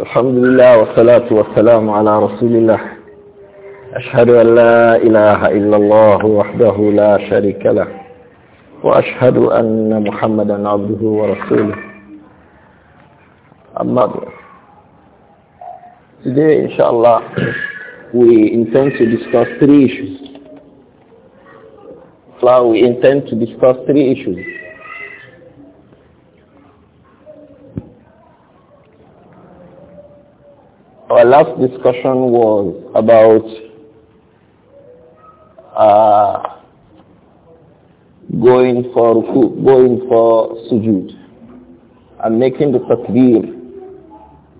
الحمد لله والصلاة والسلام على رسول الله أشهد أن لا إله إلا الله وحده لا شريك له وأشهد أن محمدا عبده ورسوله أما Today, الله we intend to discuss three issues. So we intend to discuss three issues. Our last discussion was about uh, going for going for sujud, and making the takbir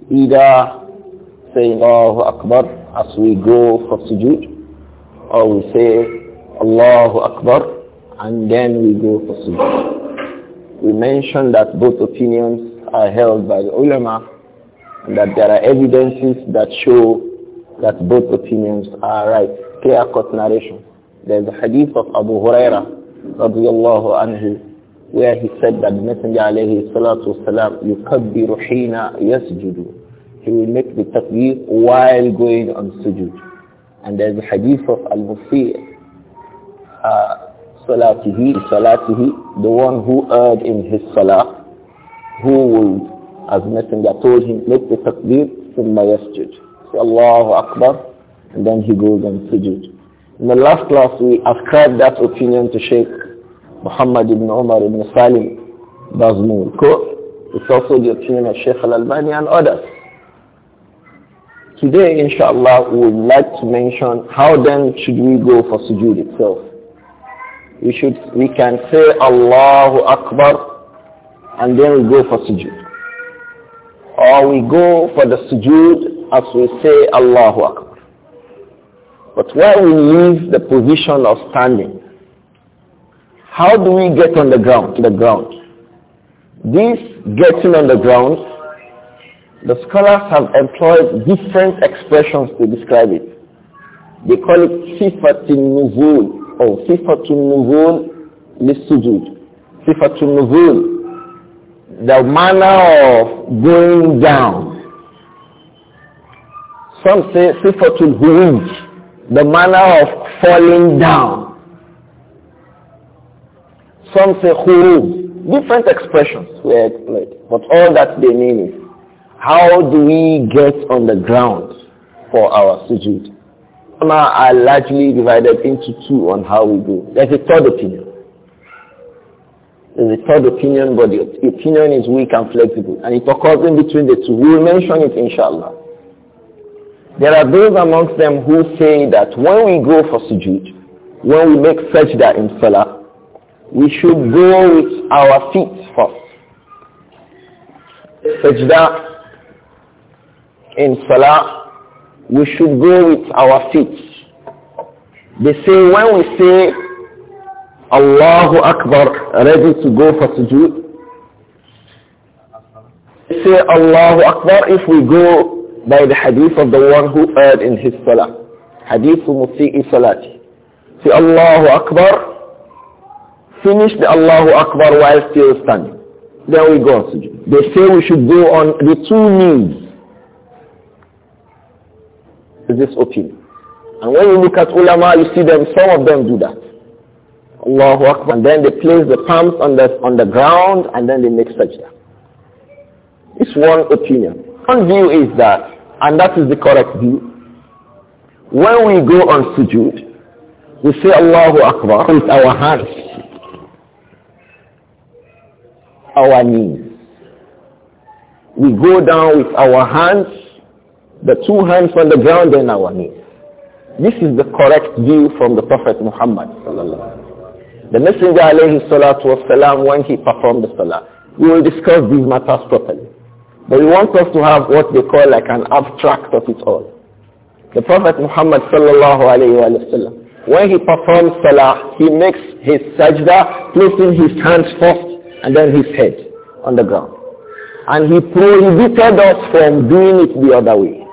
either saying Allahu Akbar as we go for sujud, or we say Allahu Akbar and then we go for sujud. We mentioned that both opinions are held by the ulama that there are evidences that show that both opinions are right. Clear cut narration. There's a hadith of Abu Huraira radiallahu anhu where he said that the Messenger alayhi salatu wasalam yukabbiru hina yasjudu. He will make the takbir while going on sujud. And there's a hadith of Al-Musir uh, salatihi, salatihi, the one who erred in his salah, who will as messenger told him, make the takbir, ثم يسجد. Say Allahu Akbar, and then he goes and sujood. In the last class, we ascribed that opinion to Sheikh Muhammad ibn Umar ibn Salim Bazmul. It's also the opinion of Sheikh Al-Albani and others. Today, inshallah, we would like to mention how then should we go for sujood itself. We should, we can say Allahu Akbar and then we go for sujood or we go for the sujood as we say Allahu Akbar. But where we leave the position of standing, how do we get on the ground? The ground. This getting on the ground, the scholars have employed different expressions to describe it. They call it sifatun nuzul or sifatun nuzul lissujud. Sifatun nuzul the manner of going down. Some say sifatul huruj, the manner of falling down. Some say khurub, different expressions were explained, but all that they mean is how do we get on the ground for our sujood? Ulama are largely divided into two on how we do. There's a third opinion is the third opinion, but the opinion is weak and flexible. And it occurs in between the two. We will mention it, inshallah. There are those amongst them who say that when we go for sujood, when we make sajda in salah, we should go with our feet first. Sajda in salah, we should go with our feet. They say when we say Allahu Akbar, ready to go for sujood? Say Allahu Akbar if we go by the hadith of the one who erred in his salah. Hadith Musi'i Salati. Say Allahu Akbar, finish the Allahu Akbar while still standing. Then we go on sujood. They say we should go on the two knees. Is this opinion? And when you look at ulama, you see them, some of them do that. Allahu Akbar. And then they place the palms on the, on the ground and then they make sajda. It's one opinion. One view is that, and that is the correct view. When we go on sujood, we say Allahu Akbar with our hands, our knees. We go down with our hands, the two hands on the ground and our knees. This is the correct view from the Prophet Muhammad sallallahu the Messenger alayhi salatu wasalam, when he performed the salah, we will discuss these matters properly. But we want us to have what they call like an abstract of it all. The Prophet Muhammad sallallahu alayhi wa sallam, when he performs salah, he makes his sajda, placing his hands first and then his head on the ground. And he prohibited us from doing it the other way.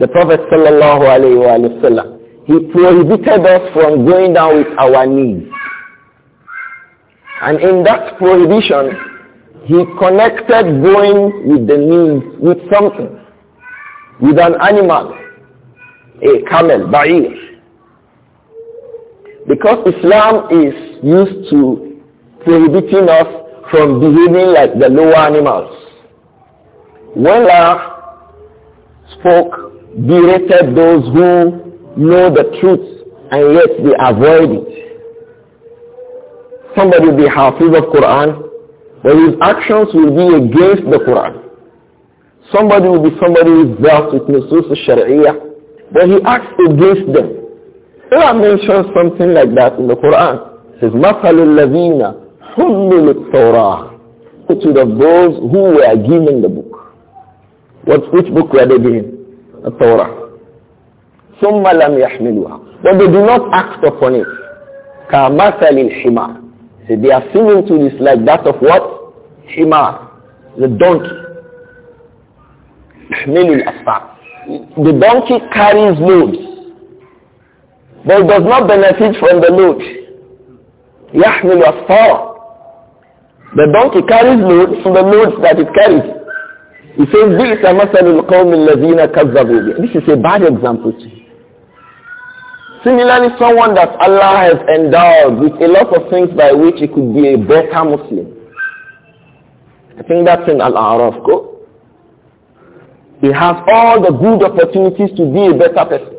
The Prophet sallallahu alayhi wa sallam, he prohibited us from going down with our knees. And in that prohibition, he connected going with the knees with something, with an animal, a camel, ba'ir. Because Islam is used to prohibiting us from behaving like the lower animals. When Allah spoke, berated those who know the truth and yet they avoid it. Somebody will be hafiz of Quran, but his actions will be against the Quran. Somebody will be somebody who is versed with Nusus shariah but he acts against them. Allah mentions something like that in the Quran. It says, مَثَلُ الَّذِينَ حُمِّلُوا التَّوْرَاةِ to the those who were given the book. What, which book were they given? The Torah. ثم لم يحملوها but they do not act upon it كمثل الحمار so they are similar to this like that of what حمار the donkey يحمل الأسفار the donkey carries loads but does not benefit from the load يحمل أسفار the donkey carries loads from the loads that it carries he says, This is a bad example Similarly, someone that Allah has endowed with a lot of things by which he could be a better Muslim. I think that's in Al-A'raf. He has all the good opportunities to be a better person.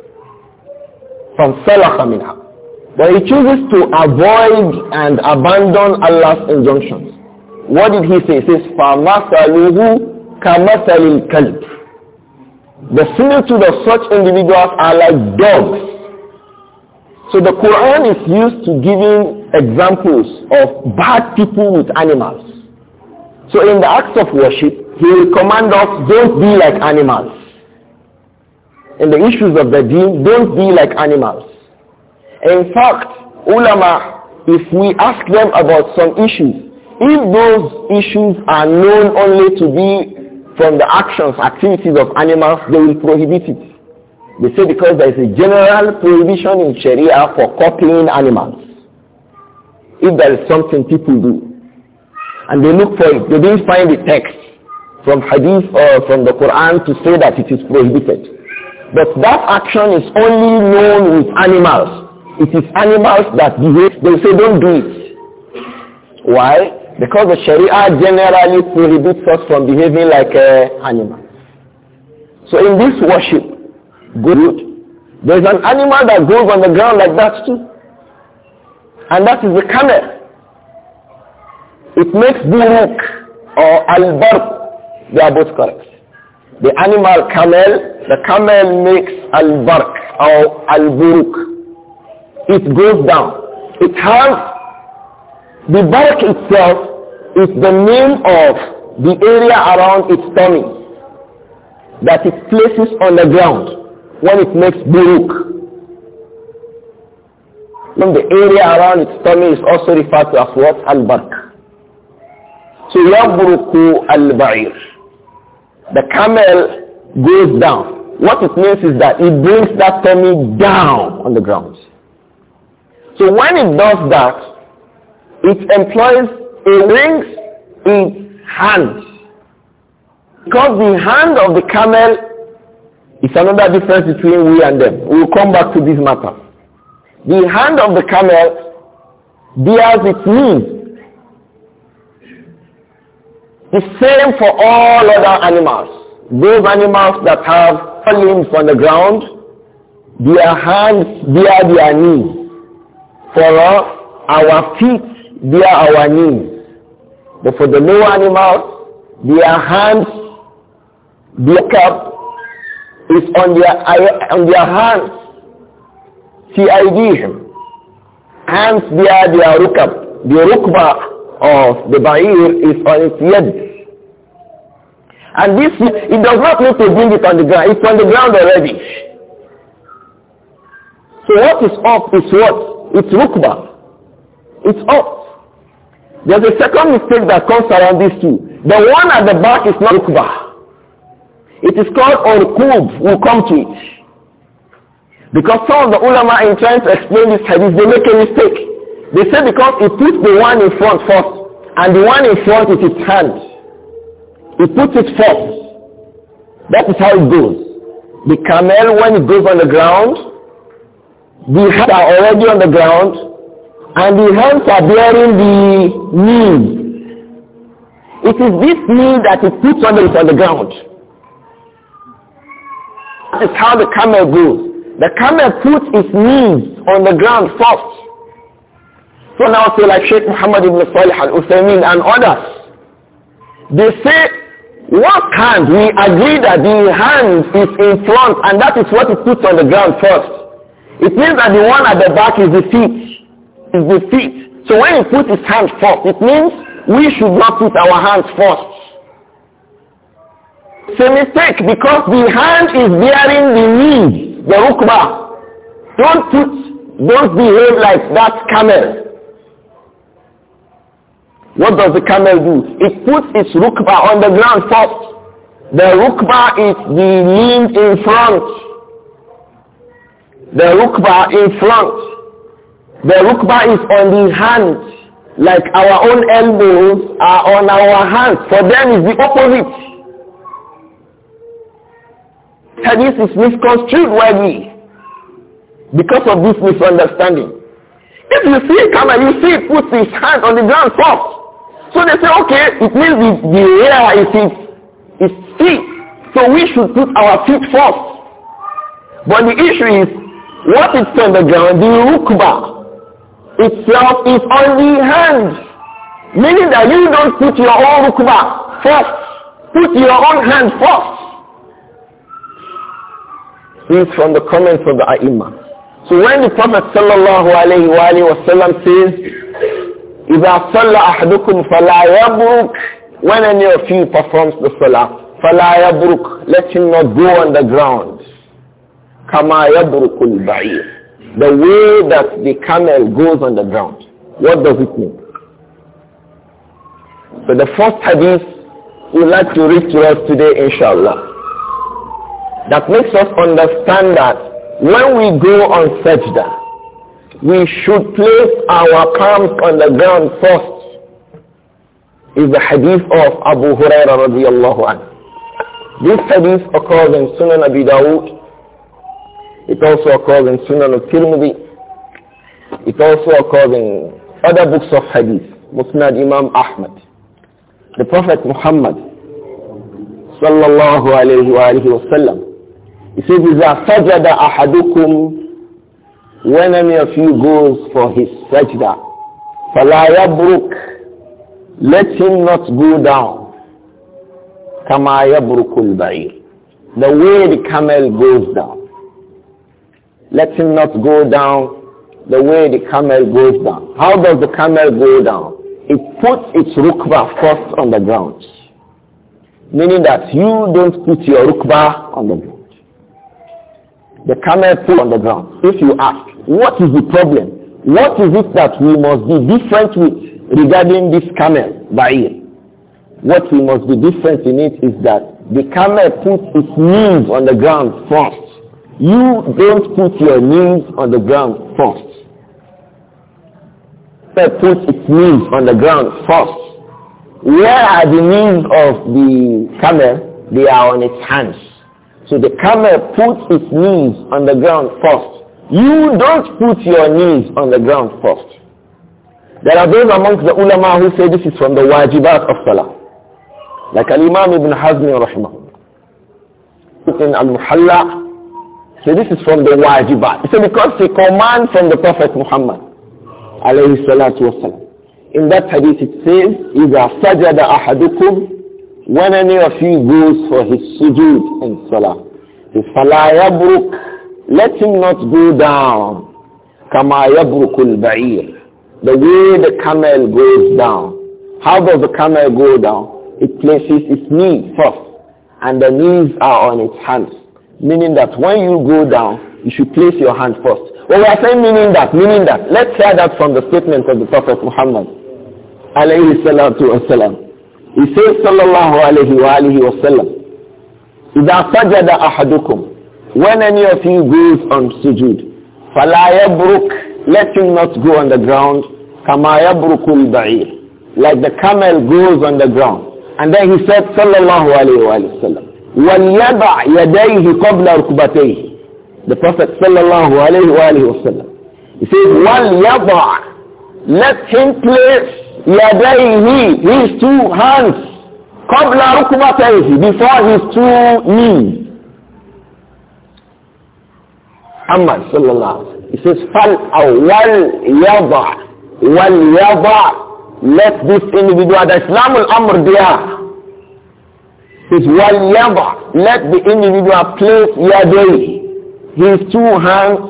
From Salaha Minha. But he chooses to avoid and abandon Allah's injunctions. What did he say? He says, فَمَثَلُهُ كَمَثَلِ الْكَلْبِ The similitude of such individuals are like dogs so the Quran is used to giving examples of bad people with animals. So in the acts of worship, he will command us, don't be like animals. In the issues of the deen, don't be like animals. In fact, ulama, if we ask them about some issues, if those issues are known only to be from the actions, activities of animals, they will prohibit it. They say because there is a general prohibition in Sharia for copying animals. If there is something people do. And they look for it. They didn't find the text from hadith or uh, from the Quran to say that it is prohibited. But that action is only known with animals. It is animals that behave. They say don't do it. Why? Because the Sharia generally prohibits us from behaving like uh, animals. So in this worship, Good. There's an animal that goes on the ground like that too. And that is the camel. It makes buruk or al They are both correct. The animal camel, the camel makes albark or al It goes down. It has the bark itself is the name of the area around its tummy that it places on the ground when it makes buruk. Then the area around its tummy is also referred to as what? Al-Bark. So Yabruku Al-Ba'ir. The camel goes down. What it means is that it brings that tummy down on the ground. So when it does that, it employs, it links its hand. Because the hand of the camel it's another difference between we and them. We'll come back to this matter. The hand of the camel bears its means. The same for all other animals. Those animals that have limbs on the ground, their hands bear their knees. For our feet bear our knees. But for the lower animals, their hands, their up is on their on their hands. في أيديهم hands there their rukab. The rukba of the ba'ir is on its yad. And this, it does not need to bring it on the ground. It's on the ground already. So what is up is what? It's rukba. It's up. There's a second mistake that comes around these two. The one at the back is not rukbah. It is called Urqub. We'll come to it. Because some of the ulama in trying to explain this hadith, they make a mistake. They say because it puts the one in front first, and the one in front is its hand. It puts it first. That is how it goes. The camel, when it goes on the ground, the hands are already on the ground, and the hands are bearing the need. It is this knee that it puts on the, on the ground. That is how the camel goes. The camel puts its knees on the ground first. So now say like Sheikh Muhammad ibn Salih al-Uthaymeen and others. They say, what hand? We agree that the hand is in front and that is what it puts on the ground first. It means that the one at the back is the feet. Is the feet. So when he puts his hand first, it means we should not put our hands first. It's a mistake because the hand is bearing the knee, the rukba. Don't put, don't behave like that camel. What does the camel do? It puts its rukba on the ground first. The rukba is the knee in front. The rukba in front. The rukba is on the hand. Like our own elbows are on our hands. For them it's the opposite. Tennis is misconstrued wrongly because of this misunderstanding. If you see camel, you see it puts his hand on the ground first. So they say, okay, it means the, the air is it, its feet. So we should put our feet first. But the issue is, what is on the ground, the rukba itself is on the hand. Meaning that you don't put your own rukba first. Put your own hand first. It's from the comments of the Aima. So when the Prophet sallallahu alayhi wa sallam says, إِذَا صَلَّ أَحْدُكُمْ فَلَا يَبْرُكْ When any of you performs the salah, فَلَا يَبْرُكْ Let him not go on the ground. كَمَا يَبْرُكُ الْبَعِيرُ The way that the camel goes on the ground. What does it mean? So the first hadith we'd like to read to us today, inshallah that makes us understand that when we go on sajda, we should place our palms on the ground first. Is the hadith of Abu Hurairah radiallahu anhu. This hadith occurs in Sunan Abi Dawud. It also occurs in Sunan al-Tirmidhi. It also occurs in other books of hadith, Musnad Imam Ahmad. The Prophet Muhammad sallallahu alayhi wa sallam he says, a سَجَدَ hadukum When any of you goes for his sajda, فَلَا يَبْرُكْ Let him not go down. كَمَا يَبْرُكُ الْبَعِيرُ The way the camel goes down. Let him not go down the way the camel goes down. How does the camel go down? It puts its rukba first on the ground. Meaning that you don't put your rukba on the ground. The camel put on the ground. If you ask, what is the problem? What is it that we must be different with regarding this camel, Ba'ir? What we must be different in it is that the camel puts its knees on the ground first. You don't put your knees on the ground first. Camel puts its knees on the ground first. Where are the knees of the camel? They are on its hands. So the camel puts its knees on the ground first. You don't put your knees on the ground first. There are those amongst the ulama who say this is from the wajibat of salah. Like Al-Imam Ibn Hazm rahimahullah. In Al-Muhalla, so this is from the wajibat. So because the command from the Prophet Muhammad alayhi salatu wasalam. In that hadith it says, إِذَا سَجَدَ أَحَدُكُمْ when any of you goes for his sujood and salah, his salah yabruk, let him not go down. Kama yabrukul ba'ir. The way the camel goes down. How does the camel go down? It places its knee first and the knees are on its hands. Meaning that when you go down, you should place your hand first. Well, we are saying meaning that, meaning that. Let's hear that from the statement of the Prophet Muhammad. Alayhi salatu wasalam. He says sallallahu alayhi wa alihi wa sallam, إِذَا سَجَدَ أَحَدُكُمْ When any of you goes on sujood, فَلَا يَبْرُكْ Let him not go on the ground, كَمَا يَبْرُكُ الْبَعِيرِ Like the camel goes on the ground. And then he said sallallahu alayhi wa sallam, وَلْيَضَعْ يَدَيْهِ قَبْلَ رُكْبَتَيْهِ The Prophet sallallahu alayhi wa sallam, he says, وَلْيَضَعْ Let him place yadayhi, his two hands, qabla rukbatayhi, before his two knees. Amma, sallallahu alaihi He says, "Fal awal yada, wal yada." Let this individual, the Islamul Amr amr there, is wal yada. Let the individual place yadayhi, his two hands,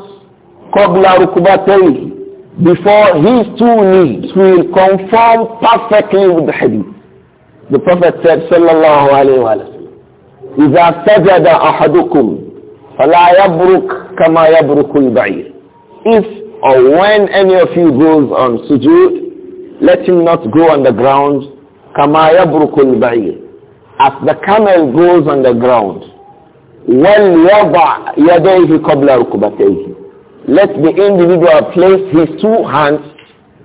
qabla rukbatayhi, before his two knees will conform perfectly with the hadith. The Prophet said, sallallahu alayhi wa sallam, إِذَا سَجَدَ أَحَدُكُمْ فَلَا يَبْرُكْ كَمَا يَبْرُكُ الْبَعِيرِ If or when any of you goes on sujood, let him not go on the ground, كَمَا يَبْرُكُ الْبَعِيرِ As the camel goes on the ground, وَلْيَضَعْ يَدَيْهِ قَبْلَ رُكُبَتَيْهِ let the individual place his two hands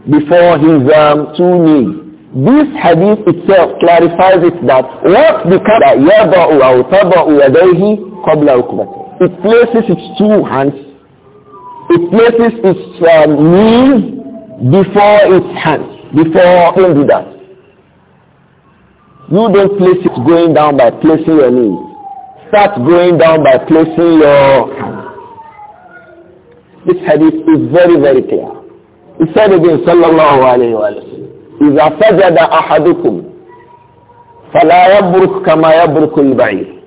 before his um, two knees. This hadith itself clarifies it that what the that yaba'u yadayhi qabla It places its two hands, it places its um, knees before its hands, before don't do that. You don't place it going down by placing your knees. Start going down by placing your hands. This hadith is very, very clear. He said again, sallallahu alayhi wa sallam, إِذَا سَجَدَ أَحَدُكُمْ فَلَا يَبْرُكْ كَمَا يَبْرُكُ الْبَعِيرِ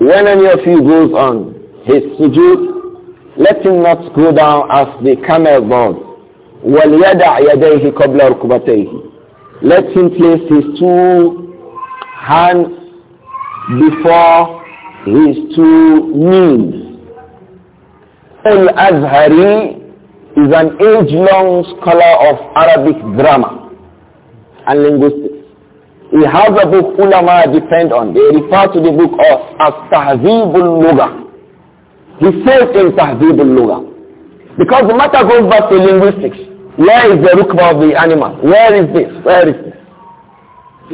When any of you goes on his sujood, let him not go down as the camel does. وَلْيَدَعْ يَدَيْهِ قَبْلَ رُكْبَتَيْهِ Let him place his two hands before his two knees al-Azhari is an age-long scholar of Arabic grammar and linguistics. He has a book ulama depend on. They refer to the book of, as Tahzibul Lugha. He says in Tahzibul Lugha. Because the matter goes back to linguistics. Where is the rukba of the animal? Where is this? Where is this?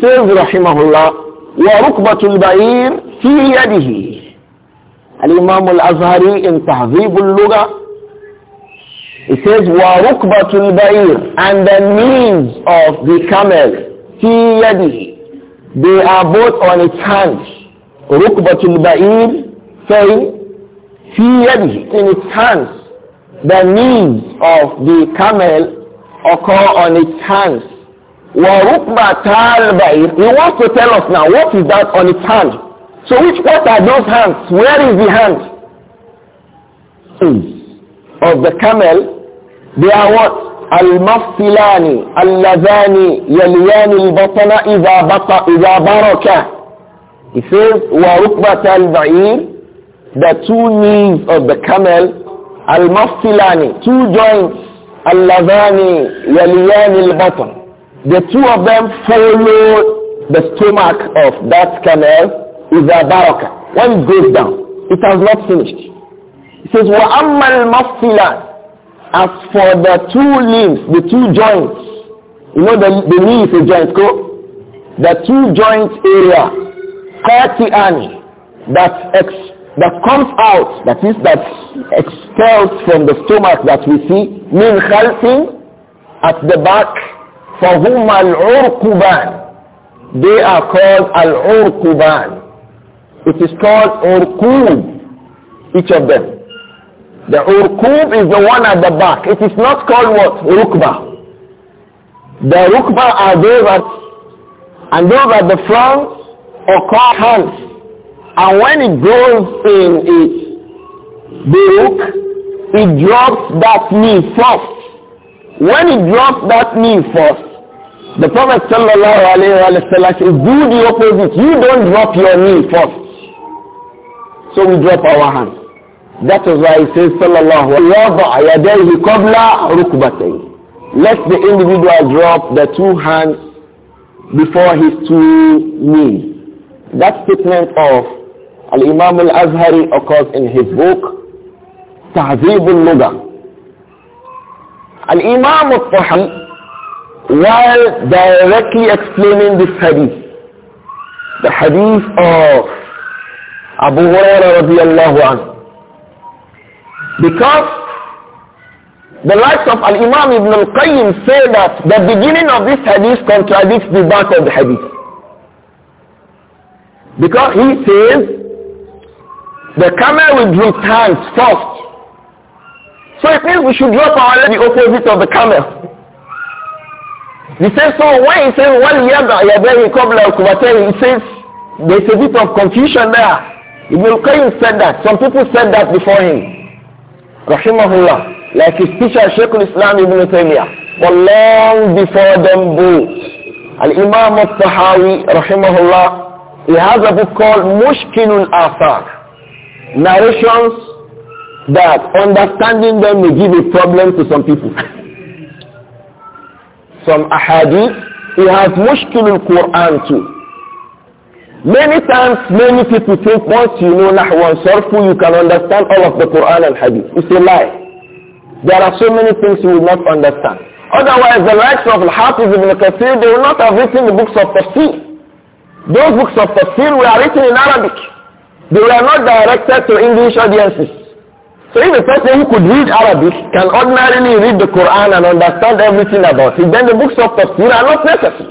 Says Rahimahullah, وَرُكْبَةُ الْبَعِيرِ فِي يَدِهِ Al-Imam Al-Azhari in Tahzib al he says, وَرُكْبَةُ الْبَعِيرِ And the knees of the camel, فِي يَدِهِ They are both on its hands. رُكْبَةُ الْبَعِيرِ saying, فِي يَدِهِ In its hands. The knees of the camel occur on its hands. وَرُكْبَةَ الْبَعِيرِ He wants to tell us now, what is that on its hands. So which what are those hands? Where is the hand? Of the camel, they are what? Al-Mafilani, Al-Lazani, Yaliyani al-Batana Iza Bata Iza Baraka. He says, Wa Rukbat al-Ba'ir, the two knees of the camel, Al-Mafilani, two joints, Al-Lazani, Yaliyani al-Batana. The two of them follow the stomach of that camel a baraka. when it goes down it has not finished it says وَأَمَّا الْمَفْصِلَانِ as for the two limbs the two joints you know the, the knee is a joint go the two joint area قَاتِئَانِ that ex, that comes out that is that expels from the stomach that we see min halting at the back فَهُمَا الْعُرْقُبَانِ they are called al Urkuban. It is called urkub. each of them. The urkub is the one at the back. It is not called what? Rukba. The rukba are those at, and those at the front are called hands. And when it goes in its book, it drops that knee first. When it drops that knee first, the Prophet sallallahu alayhi wa sallam says, do the opposite. You don't drop your knee first. So we drop our hand. That is why he says, Sallallahu Alaihi Wasallam, Let the individual drop the two hands before his two knees. That statement of Al-Imam Al-Azhari occurs in his book, Tahzib al Al-Imam Al-Tahawi, while directly explaining this hadith, the hadith of Abu Hurairah radiallahu anhu. Because the likes of Al-Imam Ibn Al-Qayyim say that the beginning of this hadith contradicts the back of the hadith. Because he says, the camel will drink hands first. So it means we should drop our leg the opposite of the camel. He says, so when he says, well, yada, yada, he says, there's a bit of confusion there. Ibn Qayyim said that. Some people said that before him. Rahimahullah. Like his teacher, Sheikh al-Islam Ibn Taymiyyah. But long before them both. Al-Imam al-Tahawi, Rahimahullah, he has a book called Mushkinul Athar. Narrations that understanding them may give a problem to some people. some ahadith, he has Mushkinul Quran too. Many times, many people think once you know Nahwu and Sarfu, you can understand all of the Quran and Hadith. It's a lie. There are so many things you will not understand. Otherwise, the likes of Al-Hafiz ibn Kathir, they will not have written the books of Tafsir. Those books of Tafsir were written in Arabic. They were not directed to English audiences. So if a person who could read Arabic can ordinarily read the Quran and understand everything about it, then the books of Tafsir are not necessary.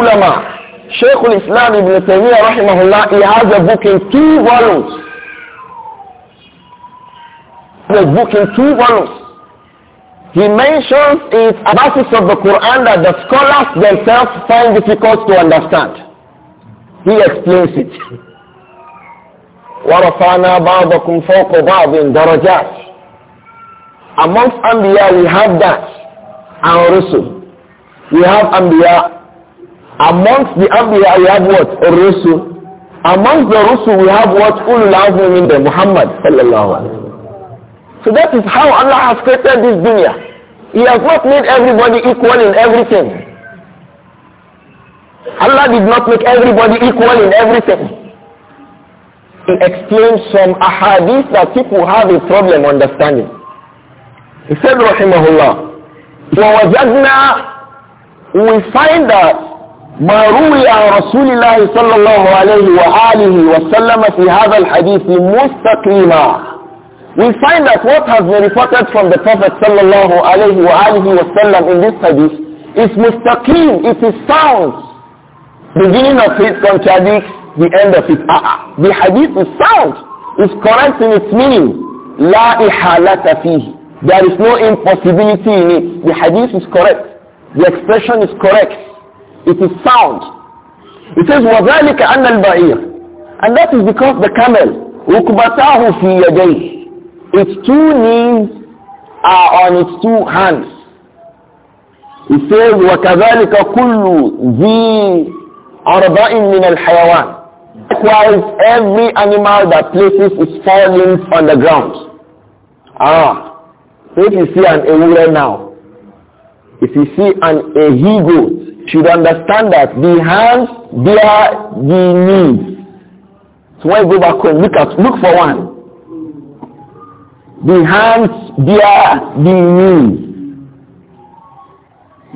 Ulama, Shaykh al-Islam Ibn Taymiyyah rahimahullah, he has a book in two volumes. The book in two volumes. He mentions its verses of the Quran that the scholars themselves find difficult to understand. He explains it. وَرَفَعْنَا بَعْضَكُمْ فَوْقَ بَعْضٍ دَرَجَاتٍ Amongst Anbiya we have that. And Rasul. We have Anbiya Amongst the Anbiya we have what? Rusu. Amongst the Rusu we have what? Ulul Azmi in the Muhammad sallallahu alayhi So that is how Allah has created this dunya. He has not made everybody equal in everything. Allah did not make everybody equal in everything. He explained some ahadith that people have a problem understanding. He said, Rahimahullah, وَوَجَدْنَا We find that ما روي عن رسول الله صلى الله عليه وآله وسلم في هذا الحديث مستقيما We find that what has been reported from the Prophet صلى الله عليه وآله وسلم in this hadith is mustaqim, it is sound. Beginning of it contradicts the end of it. Uh -uh. The hadith is sound, it's correct in its meaning. لا إحالة فيه. There is no impossibility in it. The hadith is correct. The expression is correct. It is sound. It says, وَذَلِكَ أَنَّ الْبَعِيرِ And that is because the camel, "Ukbatahu fi يَدَيْهِ Its two knees are on its two hands. It says, وَكَذَلِكَ كُلُّ ذِي أَرْبَعٍ مِنَ الْحَيَوَانِ Likewise, every animal that places its four limbs on the ground. Ah, so if you see an ewure now, if you see an a he goat, should understand that the hands bear the knees. So when you go back home, look at look for one. The hands bear the knees.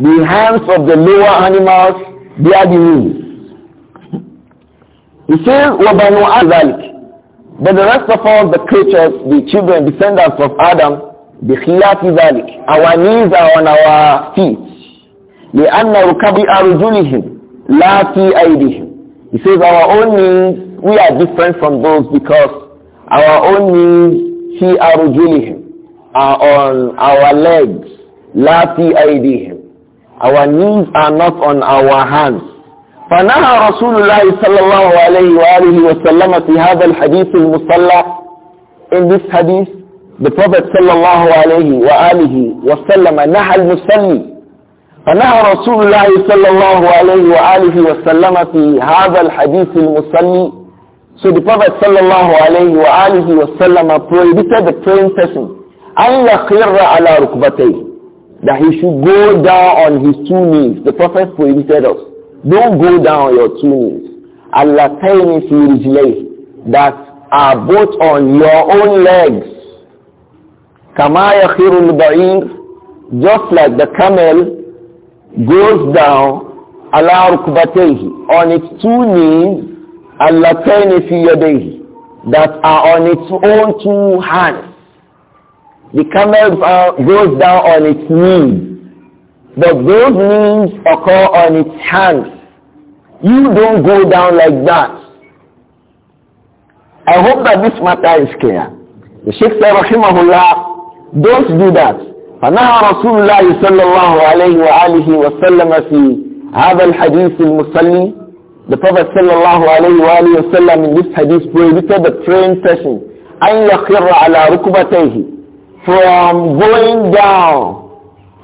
The hands of the lower animals bear the knees. He says, وَبَنُوا أَذَلِكَ But the rest of all the creatures, the children, descendants of Adam, بِخِلَافِ ذَلِكَ Our knees are on our feet. لأن ركب أرجلهم لا في أيديهم He says our own knees we are different from those because our own knees, في أرجلهم are on our legs, لا في أيديهم Our knees are not on our hands. فنهى رسول الله صلى الله عليه وآله وسلم في هذا الحديث المصلى in this hadith the Prophet صلى الله عليه وآله وسلم نهى المصلي فنهى رسول الله صلى الله عليه وآله وسلم في هذا الحديث المصلي So صلى الله عليه وآله وسلم prohibited the praying person أن يخر على ركبتيه that he should go down on his two knees. The Prophet prohibited us. Don't go down on your two knees. Allah fi rijlayh that are both on your own legs. Kama yakhiru al just like the camel goes down ala rukbatayhi on its two knees allatayni fi yadayhi that are on its own two hands the camel uh, goes down on its knees but those knees occur on its hands you don't go down like that i hope that this matter is clear the sheikh said rahimahullah don't do that فنهى رسول الله صلى الله عليه وآله وسلم في هذا الحديث المسلم The Prophet صلى الله عليه وآله وسلم in this hadith prohibited the train session أن يخر على ركبتيه from going down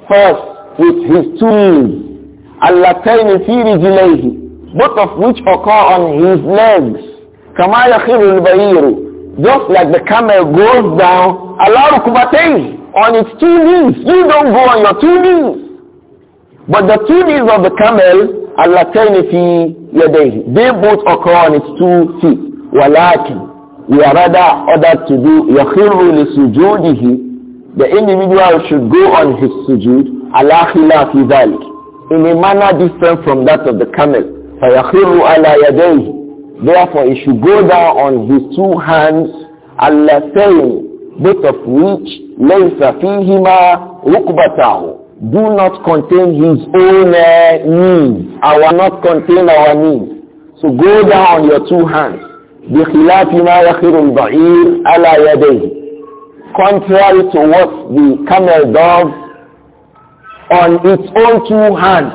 first with his two knees اللتين في رجليه both of which occur on his legs كما يخر البعير just like the camel goes down على ركبتيه on its two knees. You don't go on your two knees. But the two knees of the camel, Allah fi yadayhi. They both occur on its two feet. Walakin, we are rather ordered to do yakhiru li sujudihi. The individual should go on his sujud, Allah fi dhalik. In a manner different from that of the camel. فَيَخِرُّ ala يَدَيْهِ Therefore, he should go down on his two hands, Allah saying, both of which لَيْسَ فِيهِمَا رُكْبَتَهُ Do not contain his own uh, needs. I will not contain our needs. So go down your two hands. بِخِلَافِ مَا يَخِرُ الْبَعِيرُ عَلَى يَدَيْهِ Contrary to what the camel does on its own two hands.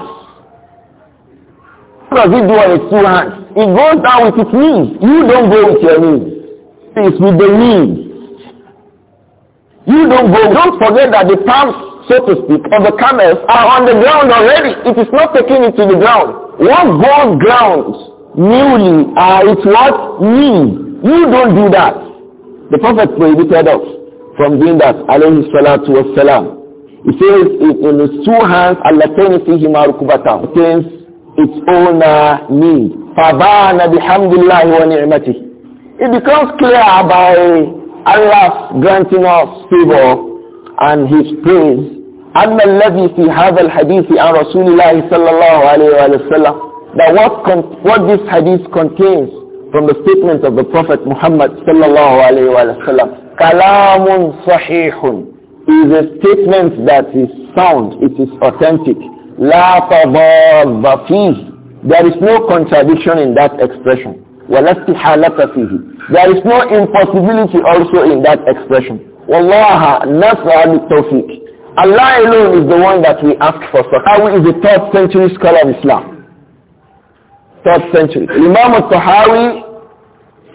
What does it do on its two hands? It goes down with its knees. You don't go with your knees. It's with the knees. You don't go. Don't forget that the palms, so to speak, of the camels are on the ground already. It is not taking it to the ground. What goes ground newly uh, it's what me. You don't do that. The Prophet prohibited us from doing that. Alayhi salatu wassalam. He says it in his two hands, Allah attains its owner uh, need. فَبَانَ wa ni'mati. It becomes clear by Allah granting us favor and his praise. أما الذي في هذا الحديث عن رسول الله صلى الله عليه وسلم that what, what this hadith contains from the statement of the Prophet Muhammad صلى الله عليه وسلم كلام صحيح is a statement that is sound, it is authentic. لا تضاد فيه There is no contradiction in that expression. فِيهِ There is no impossibility also in that expression. وَاللَّهَ نَسْعَ التَّوْفِيقِ Allah alone is the one that we ask for. Sahawi is a 3rd century scholar of Islam. 3rd century. Imam al-Tahawi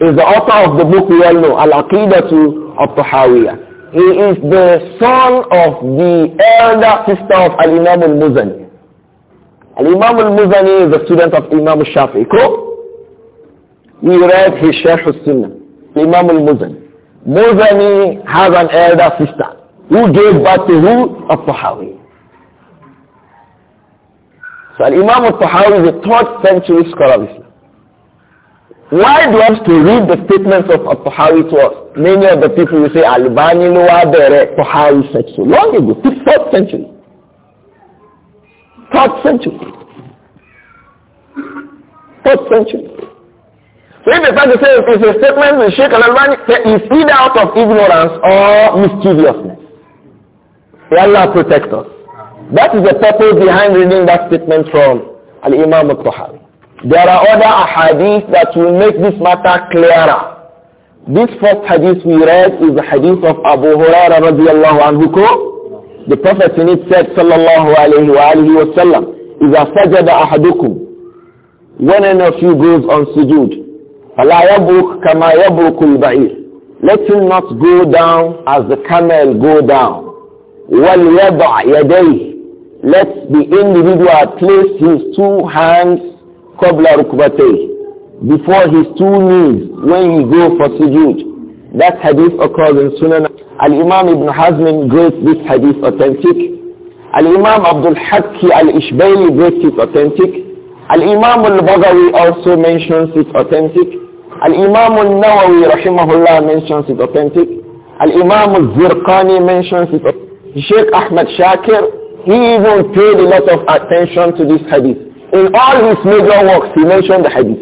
is the author of the book we all know, Al-Aqidatu al-Tahawiyah. He is the son of the elder sister of Al-Imam al-Muzani. Al-Imam al-Muzani is the student of Imam al Correct? We read his Sheikh Sunnah, Imam al-Muzani. Muzani has an elder sister who gave birth to who? Al-Tahawi. So Imam al-Tahawi is a 3rd century scholar of Islam. Why do we have to read the statements of al-Tahawi to us? Many of the people will say, Al-Bani Luwabere, Tahawi said so. Long ago, 3rd century. 3rd century. 3rd century. So if the fact to say it's a statement with Sheikh Al-Albani, it's either out of ignorance or mischievousness. May Allah protect us. That is the purpose behind reading that statement from Al-Imam al-Tahawi. There are other hadiths that will make this matter clearer. This first hadith we read is the hadith of Abu Hurairah radiallahu anhu. The Prophet in it said, sallallahu alayhi wa is wa sallam, إِذَا سَجَدَ أَحَدُكُمْ When any of you goes on sujood, let him not go down as the camel go down. وَلْيَضَعْ يَدَيْهِ Let the individual place his two hands Before his two knees when he go for sujood. That hadith occurs in Sunan. Al-Imam Ibn Hazm great this hadith authentic. Al-Imam Abdul Hakki Al-Ishbayli grades it authentic. Al-Imam Al-Baghawi also mentions it authentic. الإمام النووي رحمه الله mentions it authentic. الإمام الزرقاني mentions it authentic. الشيخ Ahmad Shakir, he even paid a lot of attention to this hadith. In all his major works, he mentioned the hadith.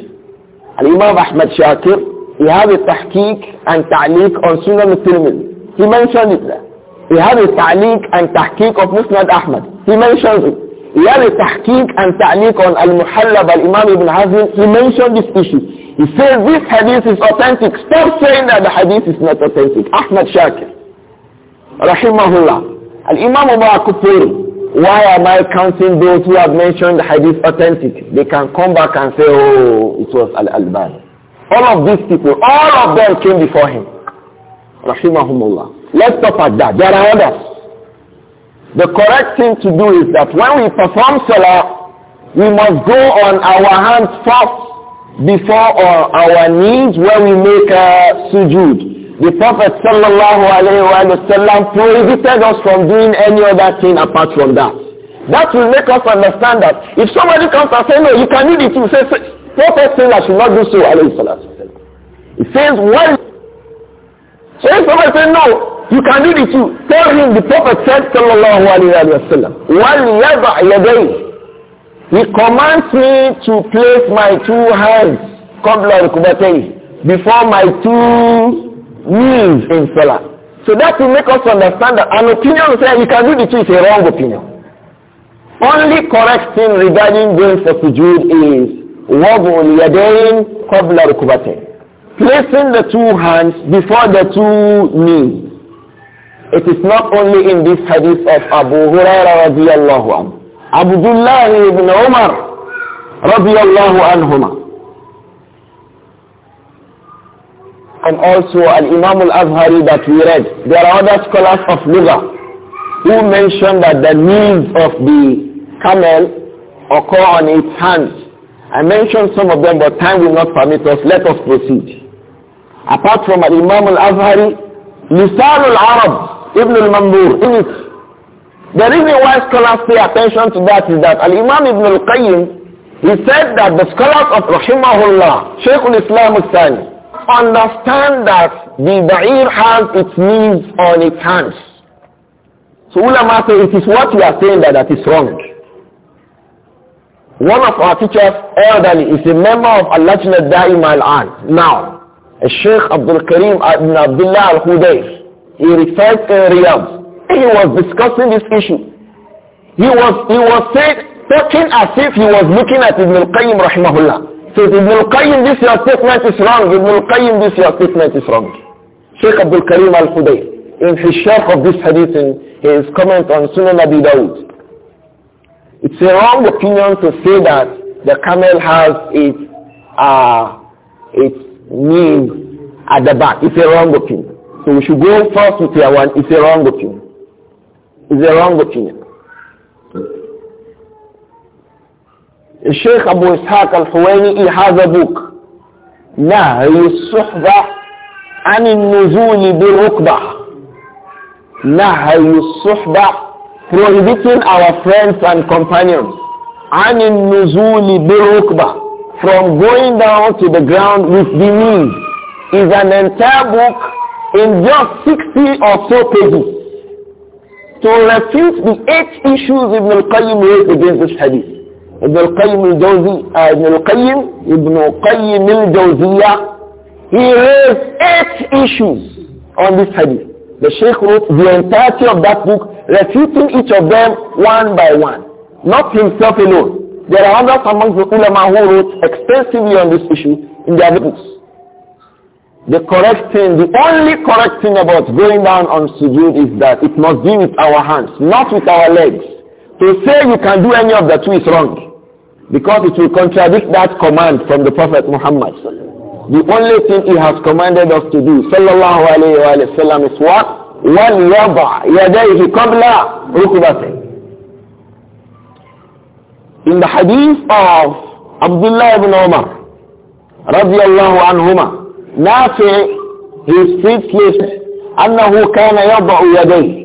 الإمام أحمد Ahmad Shakir, he had a tahqiq and ta'liq on Sunan al-Tirmidhi. He mentioned it there. He had a ta'liq and tahqiq of Musnad Ahmad. He mentions it. He had a tahqiq and ta'liq on Al-Muhallab al-Imam ibn Hazm. He mentioned this issue. He says this hadith is authentic. Stop saying that the hadith is not authentic. Ahmad Shakir. Rahimahullah. Al-Imam Mubarakupuri. Why am I counting those who have mentioned the hadith authentic? They can come back and say, oh, it was Al-Albani. All of these people, all of them came before him. Rahimahumullah. Let's stop at that. There are others. The correct thing to do is that when we perform salah, we must go on our hands first before our, our knees when we make a sujood. The Prophet sallallahu alayhi wa sallam prohibited us from doing any other thing apart from that. That will make us understand that if somebody comes and says, no, you can do it, you say, Prophet says I should not do so, alayhi He says, why? So if somebody says, no, you can do it too, tell him the Prophet said, sallallahu alayhi wa sallam, وَلْيَضَعْ يَدَيْهِ he commands me to place my two hands قبل before my two knees in Salah. So that will make us understand that an opinion says you can do the two is a wrong opinion. Only correct thing regarding going for sujood is وضع اليدين قبل ركبتين placing the two hands before the two knees. It is not only in this hadith of Abu Hurairah radiallahu anhu. Abdullah ibn Umar radiyallahu anhuma. And also Al-Imam Al-Azhari that we read. There are other scholars of Luga who mentioned that the knees of the camel occur on its hands. I mentioned some of them but time will not permit us. Let us proceed. Apart from Al-Imam Al-Azhari, Nisal Al-Arab, Ibn Al-Mandur, in the reason why scholars pay attention to that is that Al-Imam Ibn Al-Qayyim, he said that the scholars of Rahimahullah, Shaykh al-Islam al understand that the Ba'ir has its needs on its hands. So ulama say it is what you are saying that, that is wrong. One of our teachers, elderly, is a member of Al-Lajna Da'ima Al-An. Now, a Sheikh Abdul Karim Ibn Abdullah Al-Hudayr, he recites in Riyadh he was discussing this issue. He was, he was said talking as if he was looking at Ibn al-Qayyim rahimahullah. Said Ibn al-Qayyim, this your statement is wrong. Ibn al-Qayyim, this your statement is wrong. Sheikh Abdul Karim al-Khudayr, in his sharh of this hadith, in his comment on Sunan Abi Dawud, it's a wrong opinion to say that the camel has its, uh, its knee at the back. It's a wrong opinion. So we should go first with our one. It's a wrong opinion is a wrong opinion. Sheikh Abu Ishaq al-Huwaini, has a book, نهي الصحبة عن النزول بالركبة نهي الصحبة prohibiting our friends and companions عن النزول بالركبة from going down to the ground with the knees is an entire book in just 60 or so pages to refute the eight issues Ibn al-Qayyim raised against this hadith. Ibn al-Qayyim al uh, Ibn al-Qayyim, Ibn al-Qayyim al he raised eight issues on this hadith. The Sheikh wrote the entirety of that book, refuting each of them one by one, not himself alone. There are others among the ulama who wrote extensively on this issue in their books. The correct thing, the only correct thing about going down on sujood is that it must be with our hands, not with our legs. To say you can do any of the two is wrong. Because it will contradict that command from the Prophet Muhammad. The only thing he has commanded us to do, sallallahu alayhi wa, wa sallam, is what? وَلْيَضَعْ يَدَيْهِ قَبْلَ رُكُبَتِهِ In the hadith of Abdullah ibn Umar, radiallahu anhumah, Nafi, his predecessor, أنه كان يضع يديه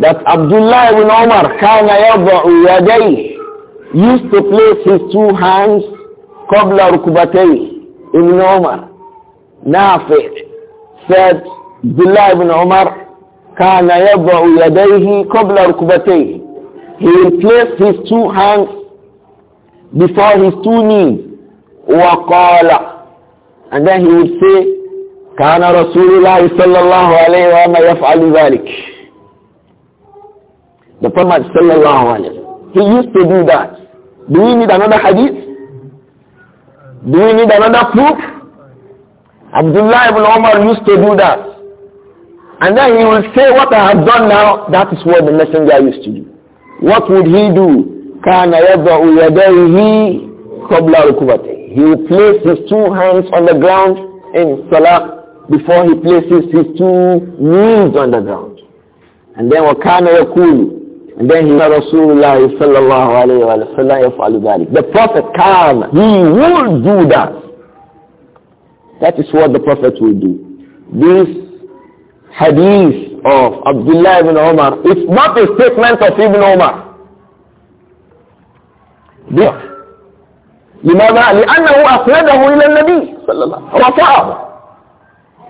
that Abdullah ibn Umar كان يضع يديه used to place his two hands قبل ركبتيه Ibn Umar Nafi said Abdullah ibn Umar كان يضع يديه قبل ركبتيه he will place his two hands before his two knees وقال and then he would say, كان رسول الله صلى الله عليه وسلم يفعل ذلك. The Prophet صلى الله عليه وسلم, he used to do that. Do we need another hadith? Do we need another proof? Abdullah ibn Omar used to do that. And then he will say, what I have done now, that is what the messenger used to do. What would he do? كان يضع يديه قبل ركبته he will place his two hands on the ground in Salah before he places his two knees on the ground. And then وَكَانَ يَقُولُ And then he said Rasulullah sallallahu alayhi wa sallam يَفْعَلُ ذَلِكَ The Prophet calm, he will do that. That is what the Prophet will do. This hadith of Abdullah ibn Omar, it's not a statement of Ibn Omar. This لماذا؟ لأنه أسنده إلى النبي صلى الله عليه وسلم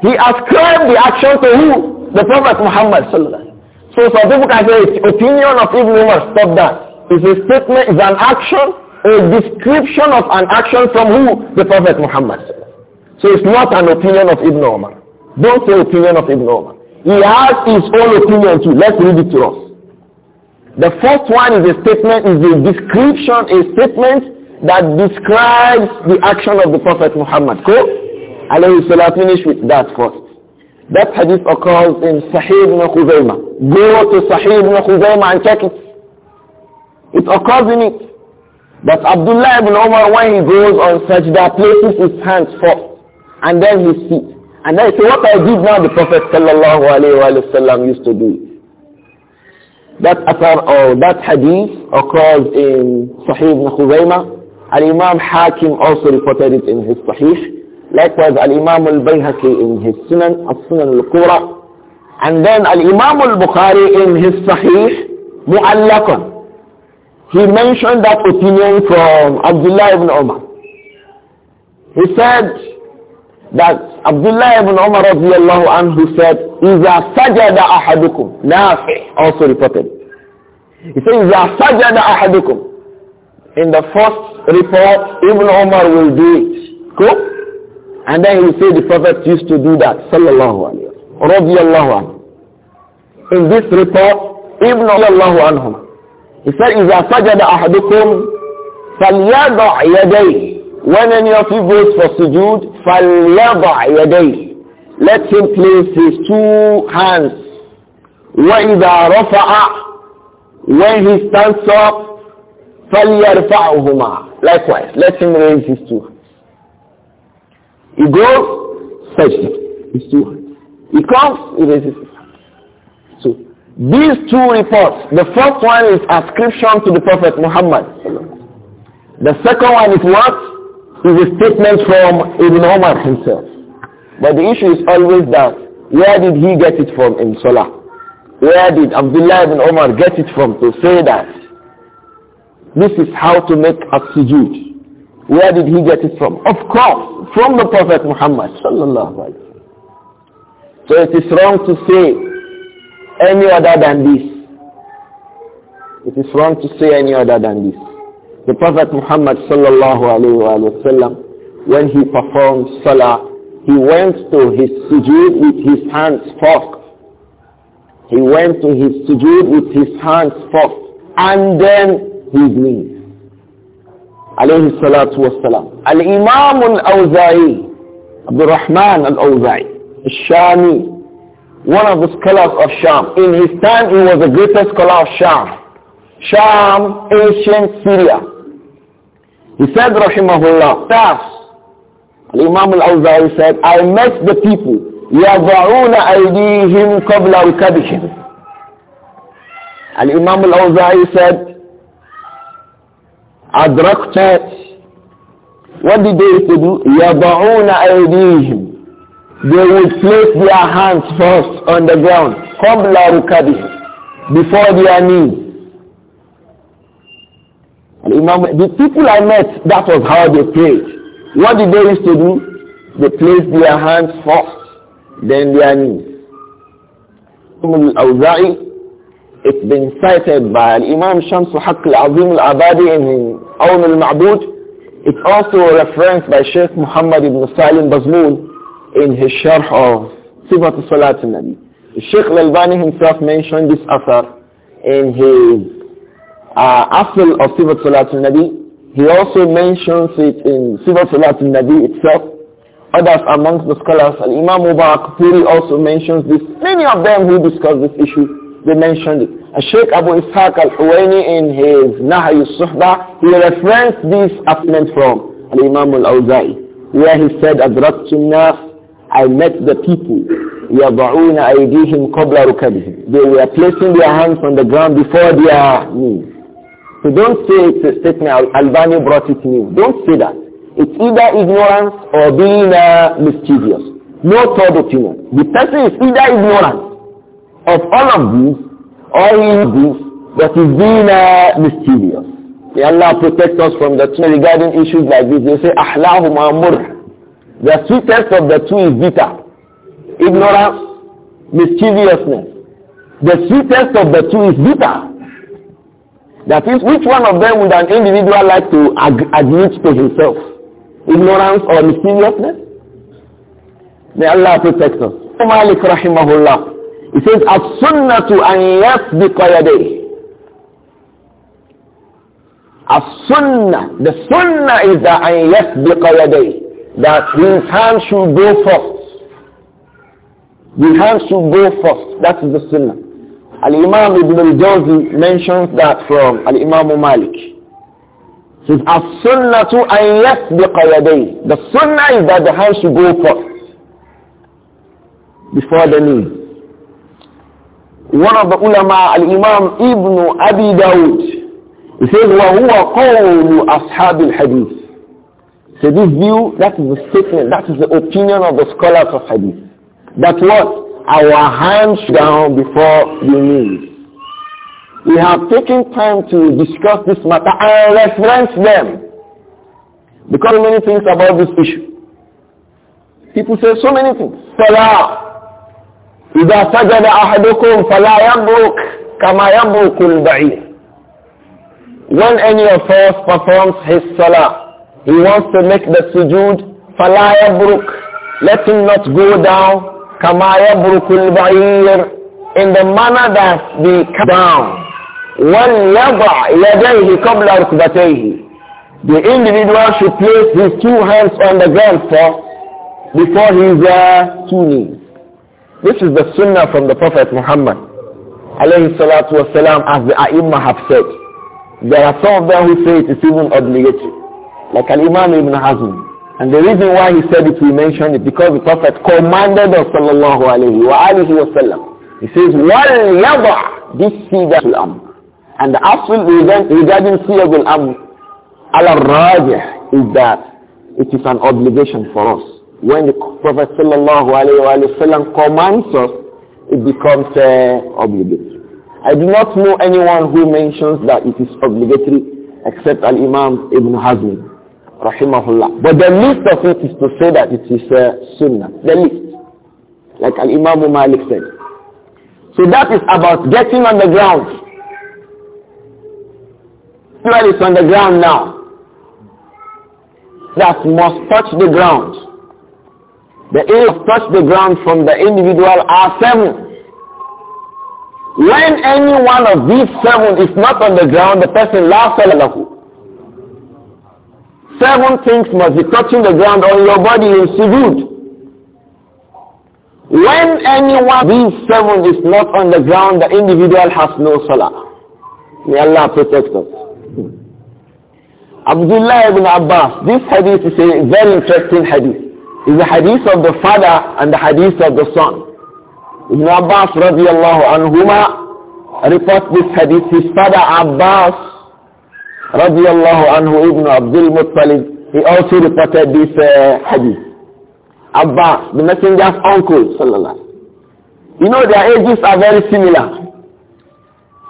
He ascribed the action to who? The Prophet Muhammad صلى الله عليه وسلم So some people can say it's opinion of Ibn Umar, stop that. It's a statement, it's an action, a description of an action from who? The Prophet Muhammad صلى الله عليه وسلم. So it's not an opinion of Ibn Umar. Don't say opinion of Ibn Umar. He has his own opinion too. Let's read it to us. The first one is a statement, is a description, a statement that describes the action of the Prophet Muhammad. Go. Alayhi salam, finish with that first. That hadith occurs in Sahih ibn Khuzaymah. Go to Sahih ibn Khuzaymah and check it. It occurs in it. That Abdullah ibn Umar, when he goes on sajda, places his hands first and then his feet. And then, so what I did now, the Prophet sallallahu alayhi wa sallam used to do. That, athar, or oh, that hadith occurs in Sahih ibn Khuzaymah Al-Imam Hakim also reported it in his Sahih. Likewise, Al-Imam Al-Bayhaqi in his Sunan, Al-Sunan Al-Qura. And then Al-Imam Al-Bukhari in his Sahih, Mu'allaqan. He mentioned that opinion from Abdullah ibn Umar. He said that Abdullah ibn Umar radiallahu anhu said, إِذَا سَجَدَ أَحَدُكُمْ Nafi also reported. He said, إِذَا سَجَدَ أَحَدُكُمْ in the first report, Ibn Omar will do it. Cool? And then he will say the Prophet used to do that. Sallallahu alayhi wa sallam. In this report, Ibn Allahu anhum. He said, إِذَا سَجَدَ أَحَدُكُمْ فَلْيَضَعْ يَدَيْهِ When any of you goes for sujood, فَلْيَضَعْ يَدَيْهِ Let him place his two hands. وَإِذَا رَفَعَ When he stands up, فَلْيَرْفَعْهُمَا Likewise, let him raise his two hands. He goes, sajda, his two hands. He comes, he raises his hands. So, these two reports, the first one is ascription to the Prophet Muhammad. The second one is what? Is a statement from Ibn Omar himself. But the issue is always that, where did he get it from in Salah? Where did Abdullah ibn Omar get it from to say that this is how to make a sujood. Where did he get it from? Of course, from the Prophet Muhammad sallallahu So it is wrong to say any other than this. It is wrong to say any other than this. The Prophet Muhammad sallallahu alaihi wasallam, when he performed salah, he went to his sujood with his hands first. He went to his sujood with his hands first. And then evening. Alayhi salatu wassalam. Al-Imam al-Awza'i, Abdul Rahman al-Awza'i, al-Shami, one of the scholars of Sham. In his time, he was the greatest scholar of Sham. Sham, ancient Syria. He said, Rahimahullah, Tafs, Imam al-Awza'i said, I met the people, يَضَعُونَ أَيْدِيهِمْ قَبْلَ رُكَبِهِمْ And Imam al-Awza'i said, أدركت what did they used to do? يَضَعُونَ أَيْدِيهِمْ They would place their hands first on the ground. قَبْلَ رُكَبِهِمْ Before their knees. The people I met, that was how they prayed. What did they used to do? They placed their hands first, then their knees. It's been cited by Imam Shamsul Haq al-Azim al-Abadi in Awn al-Ma'bud. It's also referenced by Sheikh Muhammad ibn Salim Bazmoon in his Sharh of Sifat al-Salat al-Nabi. Sheikh al-Albani himself mentioned this author in his uh, Asl of Sifat al-Salat al-Nabi. He also mentions it in Sifat al-Salat al-Nabi itself. Others amongst the scholars, Imam imam Mubarak Puri also mentions this. Many of them who discuss this issue they mentioned it. Sheikh Abu Ishaq al-Huwaini in his Nahay al he referenced this statement from imam al-Awza'i, where he said, أَدْرَكْتُ النَّاسِ I met the people. يَضَعُونَ أَيْدِيهِمْ قَبْلَ رُكَبِهِمْ They were placing their hands on the ground before their knees. So don't say it's a statement Albani brought it to me. Don't say that. It's either ignorance or being uh, mischievous. No third opinion. The person is either ignorant of all of these, or in this, that is being uh, mysterious. May Allah protect us from the two regarding issues like this. They say, Ahlahuma mur. The sweetest of the two is bitter. Ignorance, mischievousness. The sweetest of the two is bitter. That is, which one of them would an individual like to ag- admit to himself? Ignorance or mischievousness? May Allah protect us. rahimahullah. It says, As-sunnatu an yasbiqa yadayh. As-sunnah. The sunnah is that an yasbiqa yadayh. That his hand should go first. The hand should go first. That is the sunnah. Al-Imam Ibn al-Jawzi mentions that from Al-Imam Malik says as-sunnatu an yasbiqa yadayhi the sunnah is that the hand should go first before the knee one of the ulama al-imam ibn abi Dawud he says وَهُوَ ashab al hadith." so this view that is the statement that is the opinion of the scholars of hadith that what our hands down before the knees we have taken time to discuss this matter and reference them because many things about this issue people say so many things salah when any of us performs his salah, he wants to make the sujood, فلا Let him not go down, كما يبرك البعير In the manner that the down. وَلْيَضَعْ يَدَيْهِ قَبْلَ رُكْبَتَيْهِ The individual should place his two hands on the ground first before his uh, two knees. This is the sunnah from the Prophet Muhammad alayhi salatu wasalam as the ai have said. There are some of them who say it is even obligatory. Like Al-Imam Ibn Hazm. And the reason why he said it, we mentioned it, because the Prophet commanded us sallallahu alayhi wa alihi He says, وَلْيَضَعْ This sigat al-amr. And the absolute reason regarding sigat al-amr, al is that it is an obligation for us when the Prophet sallallahu alayhi wa sallam commands us, it becomes uh, obligatory. I do not know anyone who mentions that it is obligatory except Al-Imam Ibn Hazm, rahimahullah. But the least of it is to say that it is uh, sunnah, the least. Like Al-Imam Malik said. So that is about getting on the ground. Fuel is on the ground now. That must touch the ground. The ill touch the ground from the individual are seven. When any one of these seven is not on the ground, the person laughs salah. Seven things must be touching the ground on your body in sujood. When any one of these seven is not on the ground, the individual has no salah. May Allah protect us. Hmm. Abdullah ibn Abbas, this hadith is a very interesting hadith is the hadith of the father and the hadith of the son. Ibn Abbas radiallahu anhuma reports this hadith. His father Abbas radiallahu anhu ibn Abdul Muttalib, he also reported this uh, hadith. Abbas, the messenger's uncle, sallallahu You know their ages are very similar.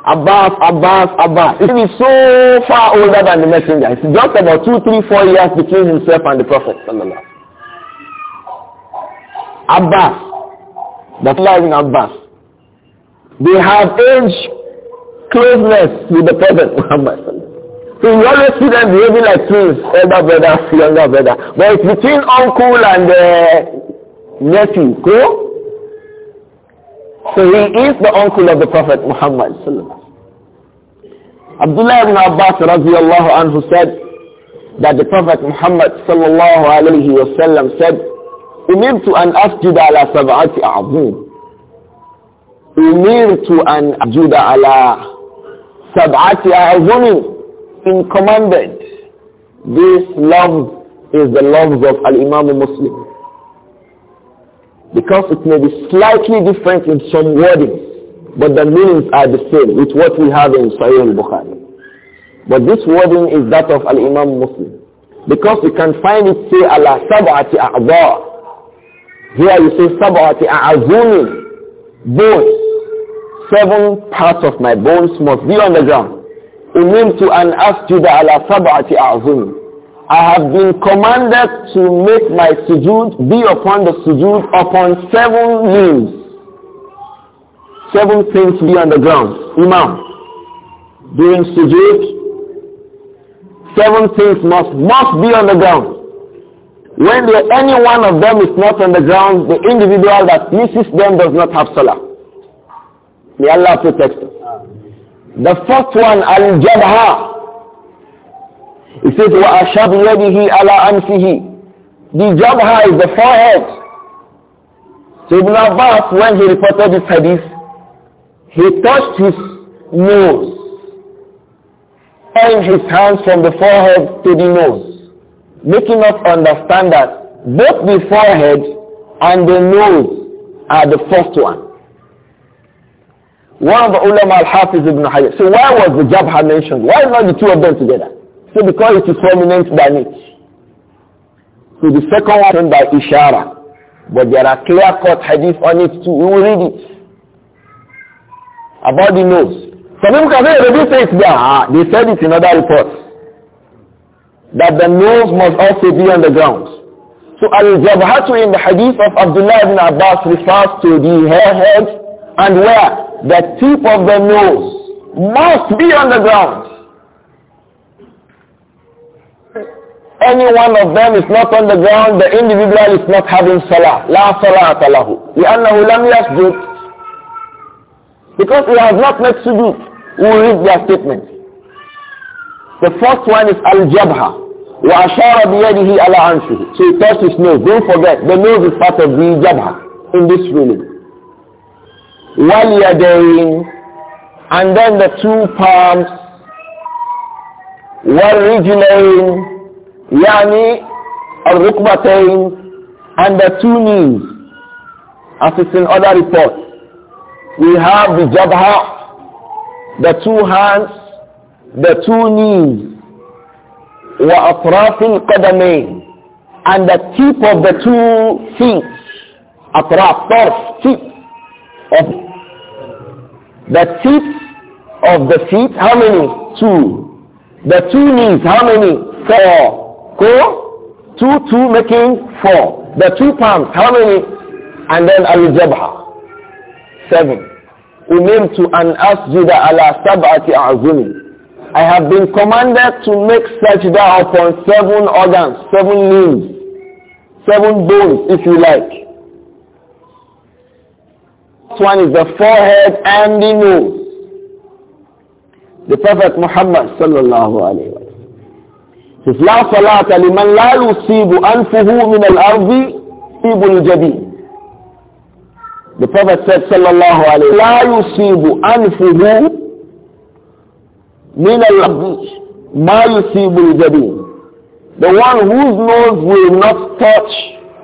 Abbas, Abbas, Abbas. He is so far older than the messenger. It's just about two, three, four years between himself and the Prophet sallallahu Abbas, that's Allah in Abbas. They have age closeness with the Prophet Muhammad. So you always see them behaving like twins, elder brother, younger brother. But it's between uncle and uh, nephew, cool? So he is the uncle of the Prophet Muhammad. Abdullah ibn Abbas radiallahu anhu said that the Prophet Muhammad sallallahu alayhi wa sallam said, أمرت أن أسجد على سبعة أعظم أمرت أن أسجد على سبعة أعظم in commanded this love is the love of al-Imam Muslim because it may be slightly different in some wordings but the meanings are the same with what we have in Sahih al-Bukhari but this wording is that of al-Imam Muslim because we can find it say ala sab'ati a'dha here you say sab'ati a'azuni, bones. Seven parts of my bones must be on the ground. Umimtu an asjuda ala sab'ati a'azuni. I have been commanded to make my sujood be upon the sujood upon seven limbs. Seven things be on the ground. Imam. During sujood, seven things must, must be on the ground. When the, any one of them is not on the ground, the individual that misses them does not have salah. May Allah protect us. The first one, al-jabha. It says, وَأَشَبْ يَدِهِ عَلَىٰ أَنْفِهِ The jabha is the forehead. So Ibn Abbas, when he reported this hadith, he touched his nose and his hands from the forehead to the nose making us understand that both the forehead and the nose are the first one. One of the ulama al-Hafiz ibn Hajar. So why was the Jabha mentioned? Why not the two of them together? So because it is prominent than it. So the second one by Ishara. But there are clear-cut hadith on it too. We will read it. About the nose. Some people can say, oh, ah, they said it in other reports that the nose must also be on the ground. So al-jabhatu in the hadith of Abdullah ibn Abbas refers to the hair head and where the tip of the nose must be on the ground. Any one of them is not on the ground, the individual is not having salah. La salata lahu. لأنه لم يسجد because he has not made sujood. We read their statement. The first one is al-jabha. وأشار بيده على أنفه so he touched his nose don't forget the nose is part of the jabha in this ruling واليدين and then the two palms والرجلين يعني الركبتين and the two knees as it's in other reports we have the jabha the two hands the two knees وأطراف القدمين and the tip of the two feet أطراف طرف tip of the tip of the feet how many two the two knees how many four go two two making four the two palms how many and then al-jabha seven أمرت أن أسجد على سبعة Azumi. I have been commanded to make sajda upon seven organs, seven limbs, seven bones, if you like. First one is the forehead and the nose. The Prophet Muhammad sallallahu alayhi wa sallam. His la salata liman la yusibu anfuhu min al-ardi sibul The Prophet said sallallahu alayhi wa sallam, anfuhu min al ma yusibul jabin. The one whose nose will not touch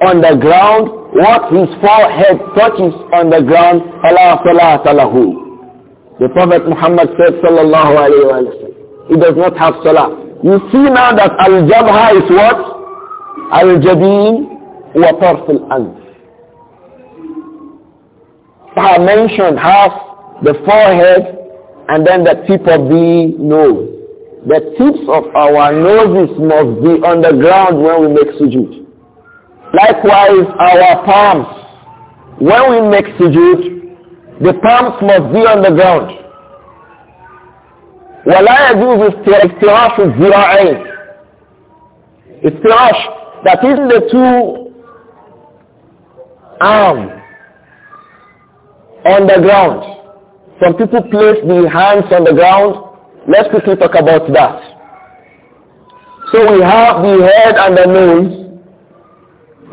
on the ground what his forehead touches on the ground, Allah salata lahu. The Prophet Muhammad said sallallahu alayhi wa sallam, he does not have salah. You see now that al-jabha is what? Al-jabin wa tarf al-anf. Mentioned half the forehead and then the tip of the nose. The tips of our noses must be on the ground when we make sujood. Likewise, our palms. When we make sujood, the palms must be on the ground. ولا يجوز افتراش الذراعين افتراش that is the two arms on the ground some people place the hands on the ground. Let's quickly talk about that. So we have the head and the nose,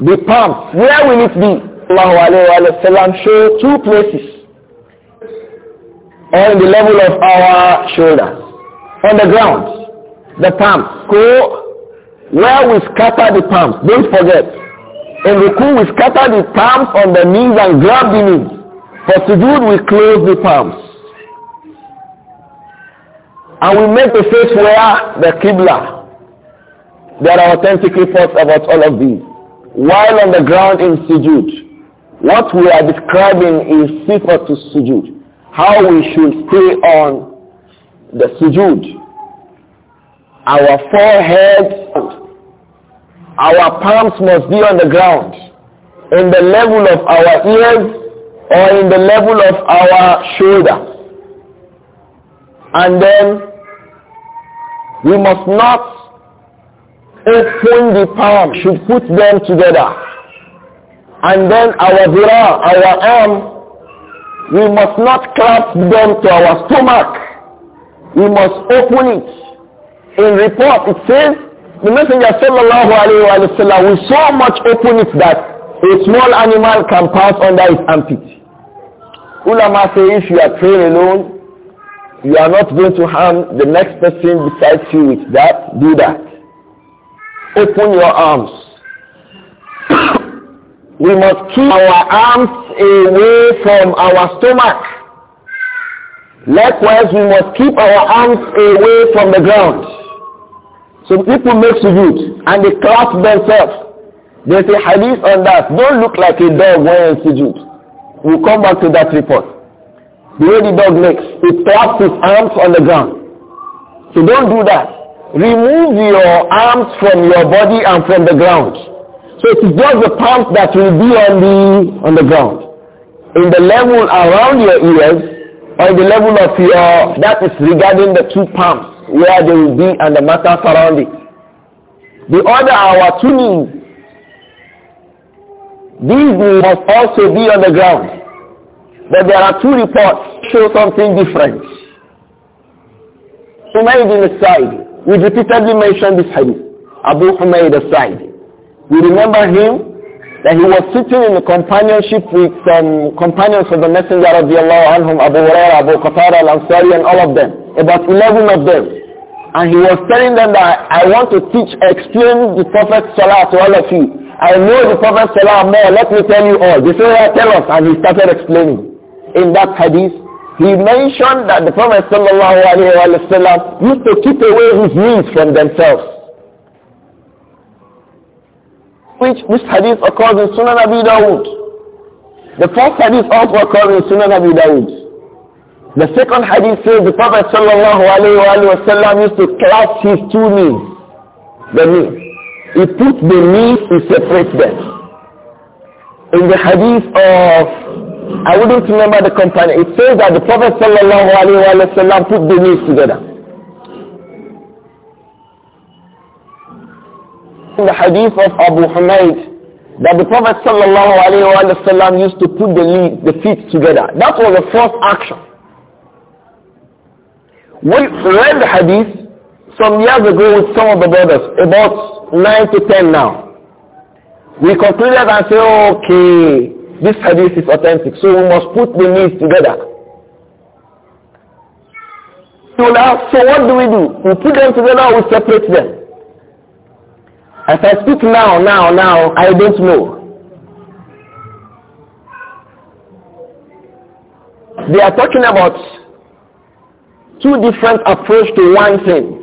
the palm. Where will it be? Allahu alayhi wa show two places. On the level of our shoulders. On the ground. The palm. Go where we scatter the palms. Don't forget. In the cool we scatter the palms on the knees and grab the knees. For sujood, we close the palms. And we make the face where the Qibla. There are authentic reports about all of these. While on the ground in sujood, what we are describing is sifat to sujood. How we should stay on the sujood. Our forehead, our palms must be on the ground. In the level of our ears, or in the level of our shoulder. And then we must not open the palm, should put them together. And then our zira, our arm, we must not clasp them to our stomach. We must open it. In report it says, the Messenger sallallahu alayhi wa sallam so much open it that a small animal can pass under its armpit. Ulama say if you are praying alone, you are not going to harm the next person besides you with that, do that. Open your arms. we must keep our arms away from our stomach. Likewise, we must keep our arms away from the ground. So people make sujood and they clap themselves. There's a hadith on that. Don't look like a dog when you sujood. We come back to that report. The way the dog makes, it claps its arms on the ground. So don't do that. Remove your arms from your body and from the ground. So it's just the palms that will be on the, on the ground. In the level around your ears, or the level of your, that is regarding the two palms, where they will be and the matter surrounding. The other, our two knees, These must also be on the ground. But there are two reports show something different. Humayd the Sa'id, we repeatedly mentioned this hadith. Abu Humayd Sa'id. We remember him that he was sitting in the companionship with some companions of the Messenger of Allah, anhum, Abu Huraira, Abu Qatar al-Ansari and all of them, about 11 of them. And he was telling them that I want to teach, explain the Prophet's Salah to all of you. I know the Prophet Salah more, let me tell you all. This is what I tell us. And he started explaining. In that hadith, he mentioned that the Prophet Sallallahu Alaihi Wasallam used to keep away his knees from themselves which this hadith occurs in Sunan Abi Dawud. The first hadith also occurs in Sunan Abi Dawud. The second hadith says the Prophet sallallahu Alaihi Wasallam used to clasp his two knees, the knees. He put the knees to separate them. In the hadith of, I wouldn't remember the company, it says that the Prophet sallallahu alaihi wasallam put the knees together. In the hadith of Abu Hamid, that the Prophet sallallahu alaihi wasallam used to put the, lead, the feet together. That was the first action. We read the hadith some years ago with some of the brothers about Nine to ten. now. We concluded and say, okay, this hadith is authentic, so we must put the needs together. So now, so what do we do? We put them together or we separate them? As I speak now, now, now, I don't know. They are talking about two different approach to one thing.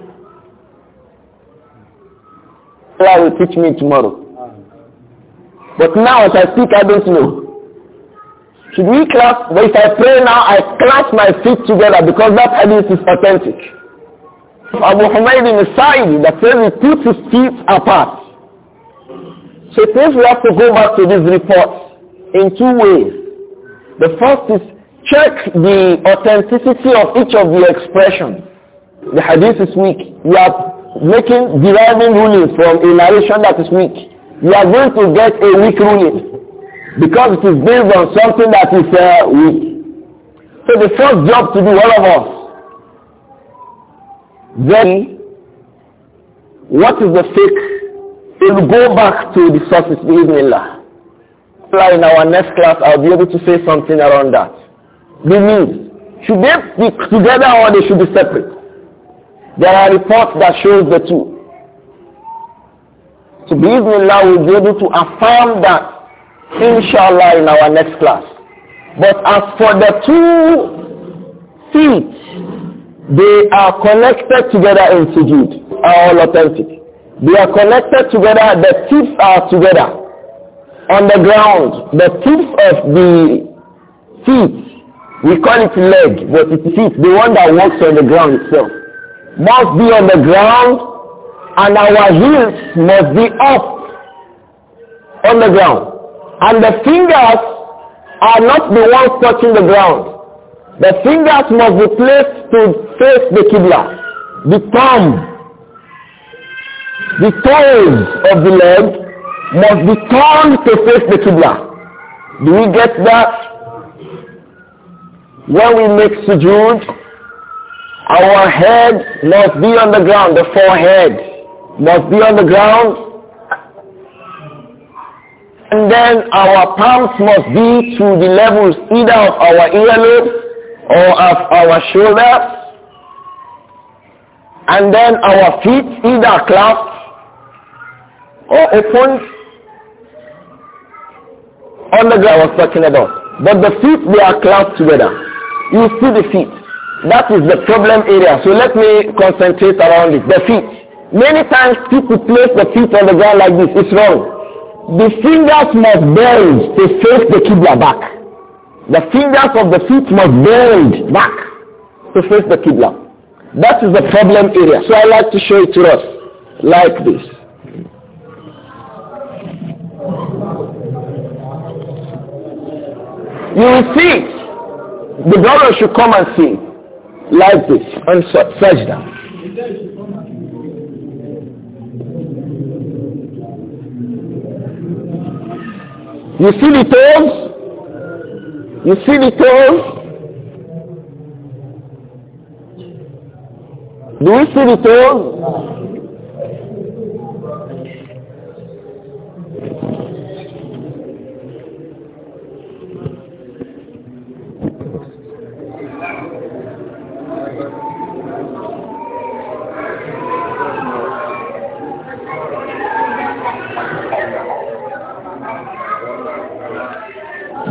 Allah will teach me tomorrow. But now as I speak, I don't know. Should we clap? But if I pray now, I clasp my feet together because that hadith is authentic. Abu Humayd in side that says he puts his feet apart. So it we have to go back to this report in two ways. The first is check the authenticity of each of the expressions. The hadith is weak. You are making deriving ruling from a narration that is weak, you are going to get a weak ruling because it is based on something that is uh, weak. So the first job to do, all of us, then what is the fake? We'll go back to the sources, bismillah. In our next class, I'll be able to say something around that. The needs. Should they be together or they should be separate? There are reports that shows the two. So bismillah will be able to affirm that inshallah in our next class. But as for the two feet, they are connected together in sujood, are all authentic. They are connected together, the tips are together. On the ground, the tips of the feet, we call it leg, but it's feet, the one that walks on the ground itself. must be on the ground and our heels must be up on the ground. And the fingers are not the ones touching the ground. The fingers must be placed to face the kibla. The thumb, the toes of the leg must be turned to face the kibla. Do we get that? When we make sujood, Our head must be on the ground. The forehead must be on the ground. And then our palms must be to the levels either of our earlobe or of our shoulder, And then our feet either clasped or opened on the ground I was talking about. But the feet, they are clasped together. You see the feet. That is the problem area. So let me concentrate around it. The feet. Many times people place the feet on the ground like this. It's wrong. The fingers must bend to face the Qibla back. The fingers of the feet must bend back to face the Qibla. That is the problem area. So I like to show it to us like this. You will see. The brother should come and see. Like this, and search them. You see the toes? You see the toes? Do we see the toes?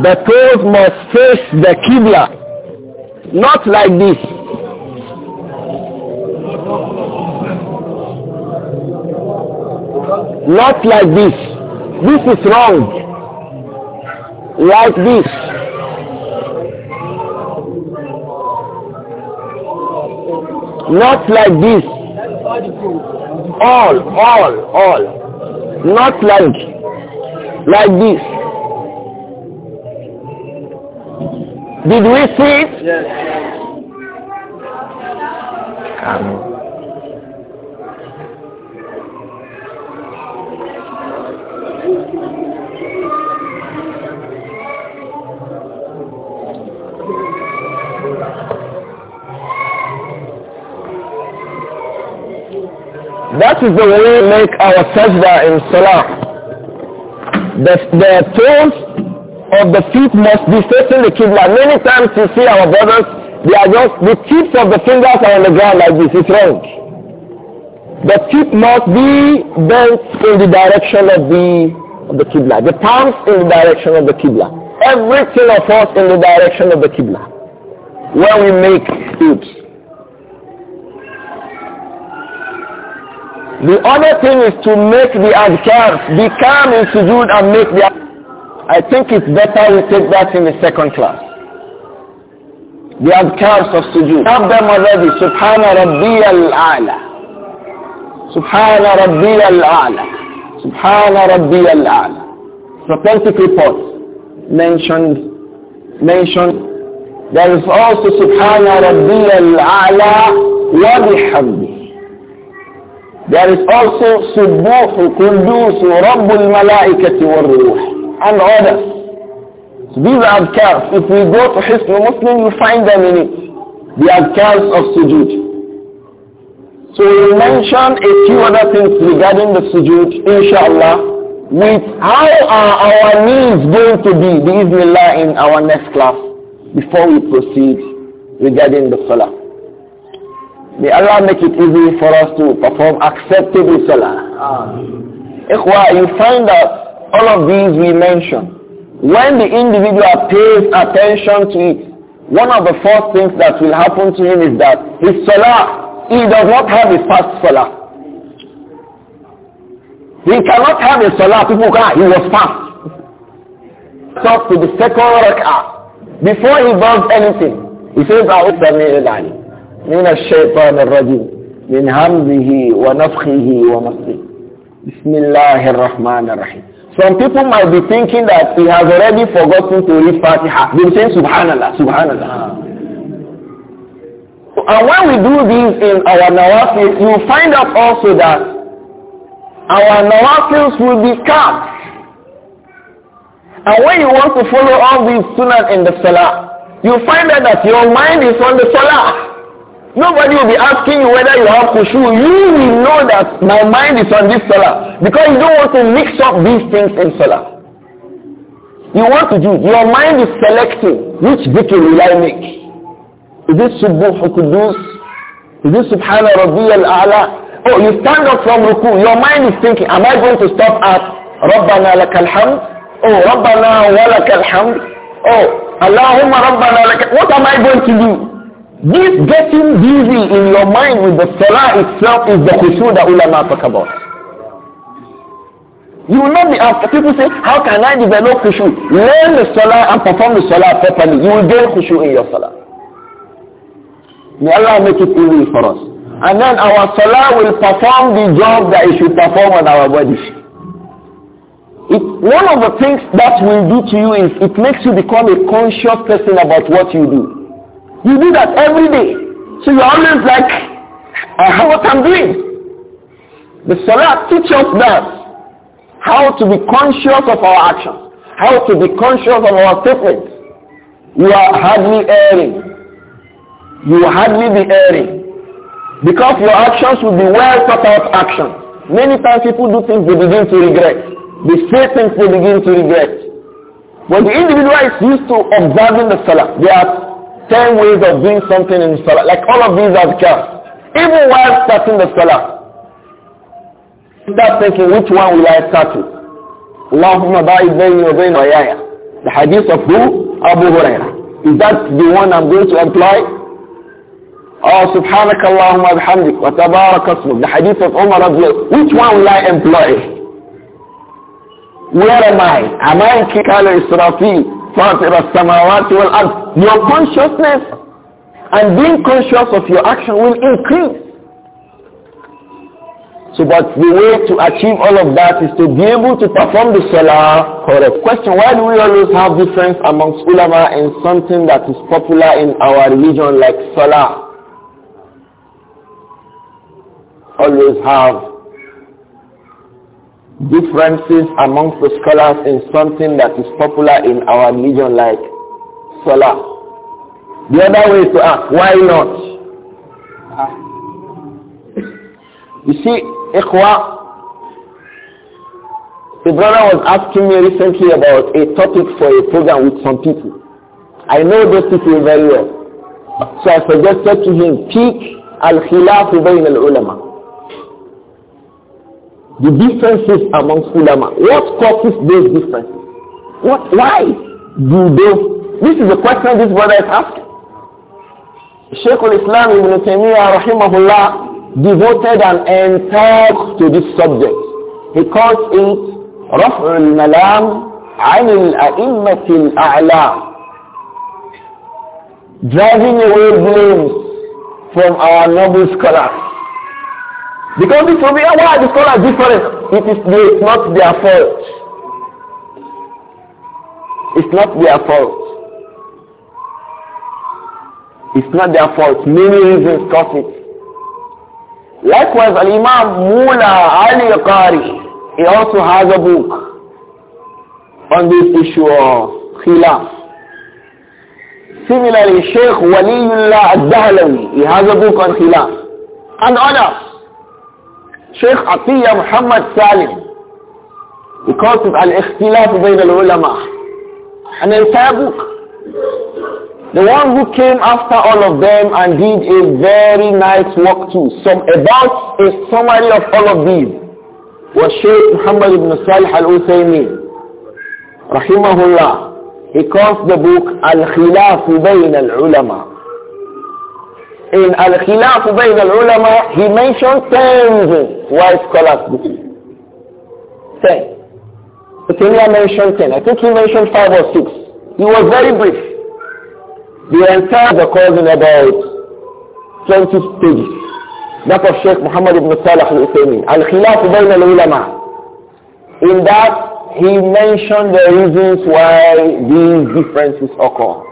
The toes must face the kibla, Not like this. Not like this. This is wrong. Like this. Not like this. All, all, all. Not like, like this. Did we see it? Yes. Um, That is the way we make our sajda in salah. The, the toes of the feet must be facing the Qibla. Many times you see our brothers, they are just, the tips of the fingers are on the ground like this. It's wrong. The tip must be bent in the direction of the, of the Qibla. The palms in the direction of the Qibla. Everything of us in the direction of the Qibla. where we make it. The other thing is to make the adhkar, be calm in sujood and make the I think it's better we take that in the second class. The adhkars of sujood. Have them already. Subhana Rabbi al-A'la. Subhana Rabbi al-A'la. Subhana Rabbi al-A'la. Prophetic reports mentioned, mentioned. There is also Subhana Rabbi al-A'la wa bihamdi. There is also Subbuhu Kundusu Rabbul Malaikati wa Ruhi and others. So these are adhkars. If we go to history, Muslim, you find them in it. The adhkars of sujood. So we'll mention a few other things regarding the sujood, inshallah, with how are our needs going to be, biiznillah, in our next class, before we proceed regarding the salah. May Allah make it easy for us to perform acceptable salah. Ikhwa, you find out all of these we mentioned. When the individual pays attention to it, one of the first things that will happen to him is that his salah, he does not have his past salah. He cannot have a salah. People can ah, he was fast. Talk to the second rak'ah. Before he does anything, he says, أعوذ بالله من الشيطان الرجيم من همزه ونفخه ومصه بسم الله الرحمن الرحيم some people might be thinking that he has already forgotten to read Fatiha. They say Subhanallah, Subhanallah. And when we do this in our nawafil, you find out also that our nawafils will be cut. And when you want to follow all these sunnah in the salah, you find out that your mind is on the salah. Nobody will be asking you whether you have kushu. You will know that my mind is on this salah. Because you don't want to mix up these things in salah. You want to do, your mind is selecting which dhikr will I make. Is this subuh kudus? Is this subhana rabbi al-a'la? Oh, you stand up from ruku. Your mind is thinking, am I going to stop at Rabbana lakal hamd? Oh, Rabbana wa lakal hamd? Oh, Allahumma Rabbana lakal... What am I going to do? This getting busy in your mind with the salah itself is the khushu that ulama talk about. You will not be asked. people say, how can I develop khushu? Learn the salah and perform the salah properly. You will get khushu in your salah. May Allah make it easy for us. And then our salah will perform the job that it should perform on our body. It, one of the things that will do to you is it makes you become a conscious person about what you do. You do that every day. So you're always like, I have what I'm doing. The Salah teaches us how to be conscious of our actions, how to be conscious of our statements. You are hardly erring. You will hardly be erring. Because your actions will be well thought out actions. Many times people do things they begin to regret. They say things they begin to regret. When the individual is used to observing the Salah, they are 10 ways of doing something in Salah. Like all of these are just. Even while starting the Salah, start thinking which one will I start with. Allahumma ba'id bayni wa bayna ayaya. The hadith of who? Abu Huraira. Is that the one I'm going to employ? Oh, Subhanaka Allahumma bihamdik wa tabarak asmuk. The hadith of Umar radiallahu Which one will I employ? Where am I? Am I in Kikala Israfil? فاطر السماوات والأرض Your consciousness and being conscious of your action will increase. So but the way to achieve all of that is to be able to perform the salah correct. Question, why do we always have difference amongst ulama in something that is popular in our religion like salah? Always have differences amongst the scholars in something that is popular in our religion like Salah. The other way to ask, why not? You see, Ikhwa, the brother was asking me recently about a topic for a program with some people. I know those people very well. So I suggested to him, pick al-khilaf bayn al-ulama the differences amongst ulama. What causes those differences? What, why do those? This is the question this brother is asking. Sheikh al-Islam ibn Taymiyyah rahimahullah devoted an entire to this subject. He calls it رفع الملام عن الأئمة الأعلام driving away blames from our noble scholars because this will be, oh, why the scholars different? It is it's not their fault. It's not their fault. It's not their fault. Many reasons cause it. Likewise, Al-Imam Mula Ali Qari, he also has a book on this issue of Khilaf. Similarly, Sheikh Waliullah Ad-Dahlawi, he has a book on Khilaf. And others. شيخ عطية محمد سالم يكاتب على الاختلاف بين العلماء and in book the one who came after all of them and did a very nice work too some about a summary of all of these was Sheikh Muhammad ibn Salih al-Uthaymeen rahimahullah he calls the book al khilafu bayna al-ulama in Al-Khilaf Bayn al-Ulama, he mentioned ten reasons why scholars disagree. Ten. he mentioned ten. I think he mentioned five or six. He was very brief. The entire the cause in about 20 pages. That of Sheikh Muhammad ibn Salih al-Utaymin. Al-Khilaf Bayn al-Ulama. In that, he mentioned the reasons why these differences occur.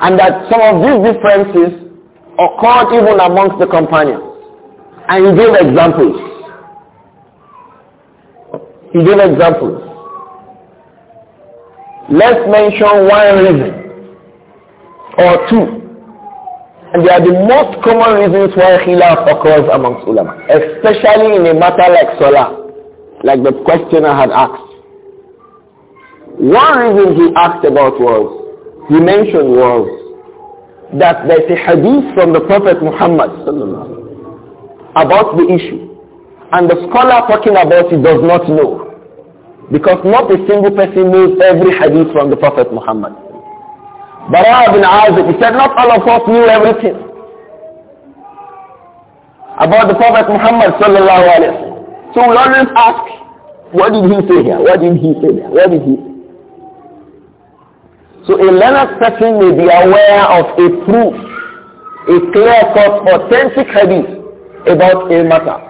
And that some of these differences occurred even amongst the companions. And he gave examples. He gave examples. Let's mention one reason or two. And they are the most common reasons why khilaf occurs amongst ulama, especially in a matter like salah, like the questioner had asked. One reason he asked about was he mentioned was that there's a hadith from the Prophet Muhammad about the issue. And the scholar talking about it does not know. Because not a single person knows every hadith from the Prophet Muhammad. Bara bin Azib, he said not all of us knew everything about the Prophet Muhammad sallallahu alayhi So we always ask, what did he say here? What did he say there? What did he say? So a learned person may be aware of a proof, a clear-cut, authentic hadith about a matter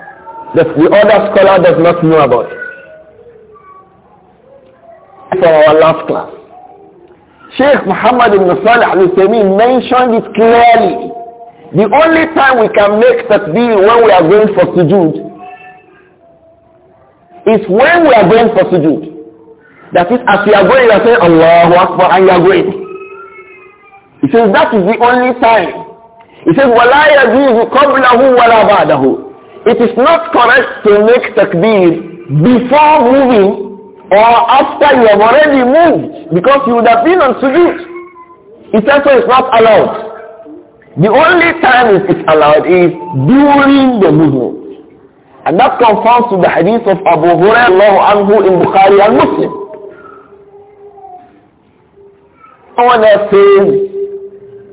that the other scholar does not know about. For our last class, Sheikh Muhammad ibn Salih al-Uthaymeen mentioned it clearly. The only time we can make that deal when we are going for sujood is when we are going for sujood. That is, as you are going, you are saying, Allahu Akbar, and you are going. He says, that is the only time. He says, وَلَا يَجِيزُ قَبْلَهُ وَلَا بَعْدَهُ It is not correct to make takbir before moving or after you have already moved because you would have been on sujood. It also is not allowed. The only time it is allowed is during the movement. And that conforms to the hadith of Abu Hurairah anhu in Bukhari and Muslim. Anna says,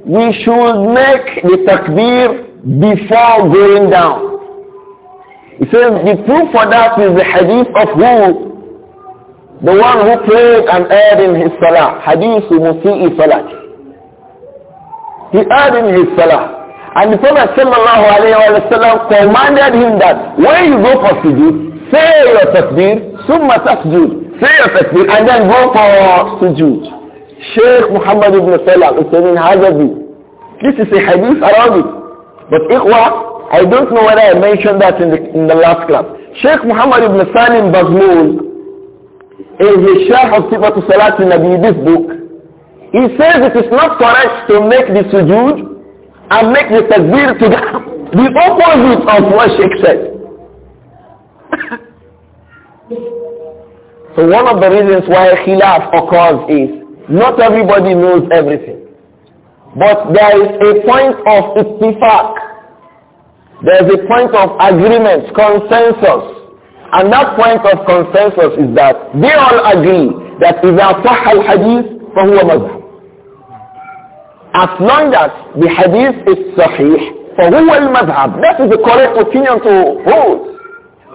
we should make the takbir before going down. He says the proof for that is the hadith of who? The one who prayed and erred in his salah. Hadith Musi'i Salat. He erred in his salah. And the Prophet sallallahu alayhi wa sallam commanded him that when you go for sujood, say your takbir, summa tasjood, say your takbir, and then go for sujood. Sheikh Muhammad ibn Salah saying Hazabi. This is a hadith Arabic. But Ikhwa, I don't know whether I mentioned that in the, in the last class. Sheikh Muhammad ibn Salim Bazmoul, in his Sharh of Sifat Salat Nabi, this book, he says it is not correct to make the sujood and make the takbir to the, the opposite of what Sheikh said. So one of the reasons why khilaf occurs is not everybody knows everything. But there is a point of ittifaq. There is a point of agreement, consensus. And that point of consensus is that they all agree that إذا صح الحديث فهو مذهب. As long as the hadith is sahih فهو المذهب. That is the correct opinion to hold.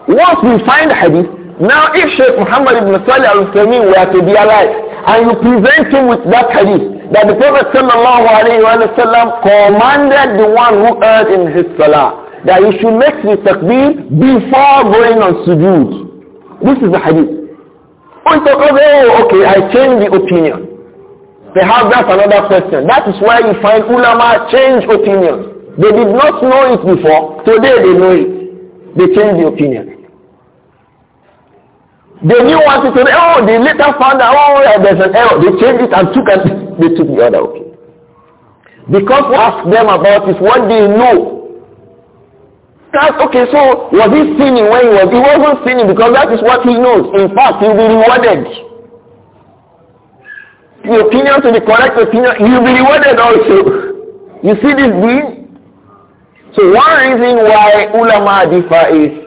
Once we find hadith, now if Sheikh Muhammad ibn Salih al-Sami were to be alive, and you present him with that hadith that the Prophet sallallahu alayhi wa commanded the one who heard in his salah that he should make the takbir before going on sujood. This is the hadith. Oh, oh, oh, okay, I change the opinion. Perhaps that's another question. That is why you find ulama change opinions. They did not know it before. Today they know it. They change the opinion. They knew what to say. Oh, they later found out, oh, yeah, there's an error. They changed it and took and they took the other. Okay. Because we ask them about is what they know. That's okay, so was he sinning when he was? He wasn't sinning because that is what he knows. In fact, he will be rewarded. The opinion to the correct opinion, he will be rewarded also. You see this being? So one reason why ulama differ is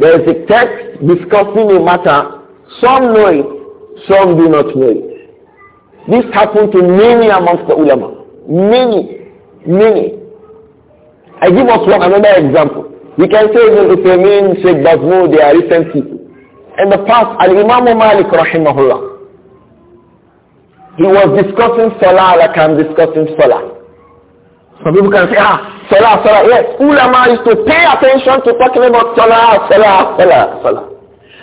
there is a text discussing a matter. Some know it, some do not know it. This happened to many amongst the ulama. Many, many. I give us one another example. We can say Ibn Uthaymeen, Sheikh Bazmu, they are recent people. In the past, Al-Imam Malik rahimahullah, he was discussing Salah like I'm discussing Salah. Some people can say, ah, salah, salah. Yes, ulama is to pay attention to talking about salah, salah, salah, salah.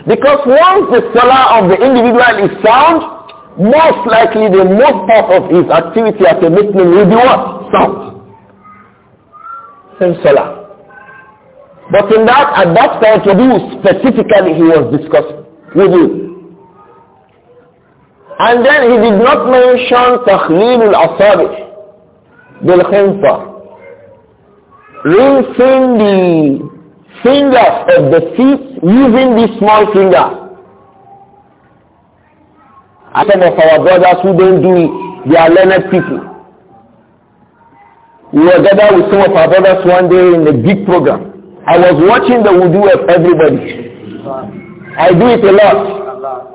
Because once the salah of the individual is sound, most likely the most part of his activity as a Muslim will be what? Sound. Same salah. But in that, at that time, to do specifically, he was discussing with you. And then he did not mention Takhleel al-Asabi. بالخنصة rinsing the fingers of the feet using the small finger. And some of our brothers who don't do it, they are learned people. We were gathered with some of our brothers one day in a big program. I was watching the wudu of everybody. I do it a lot.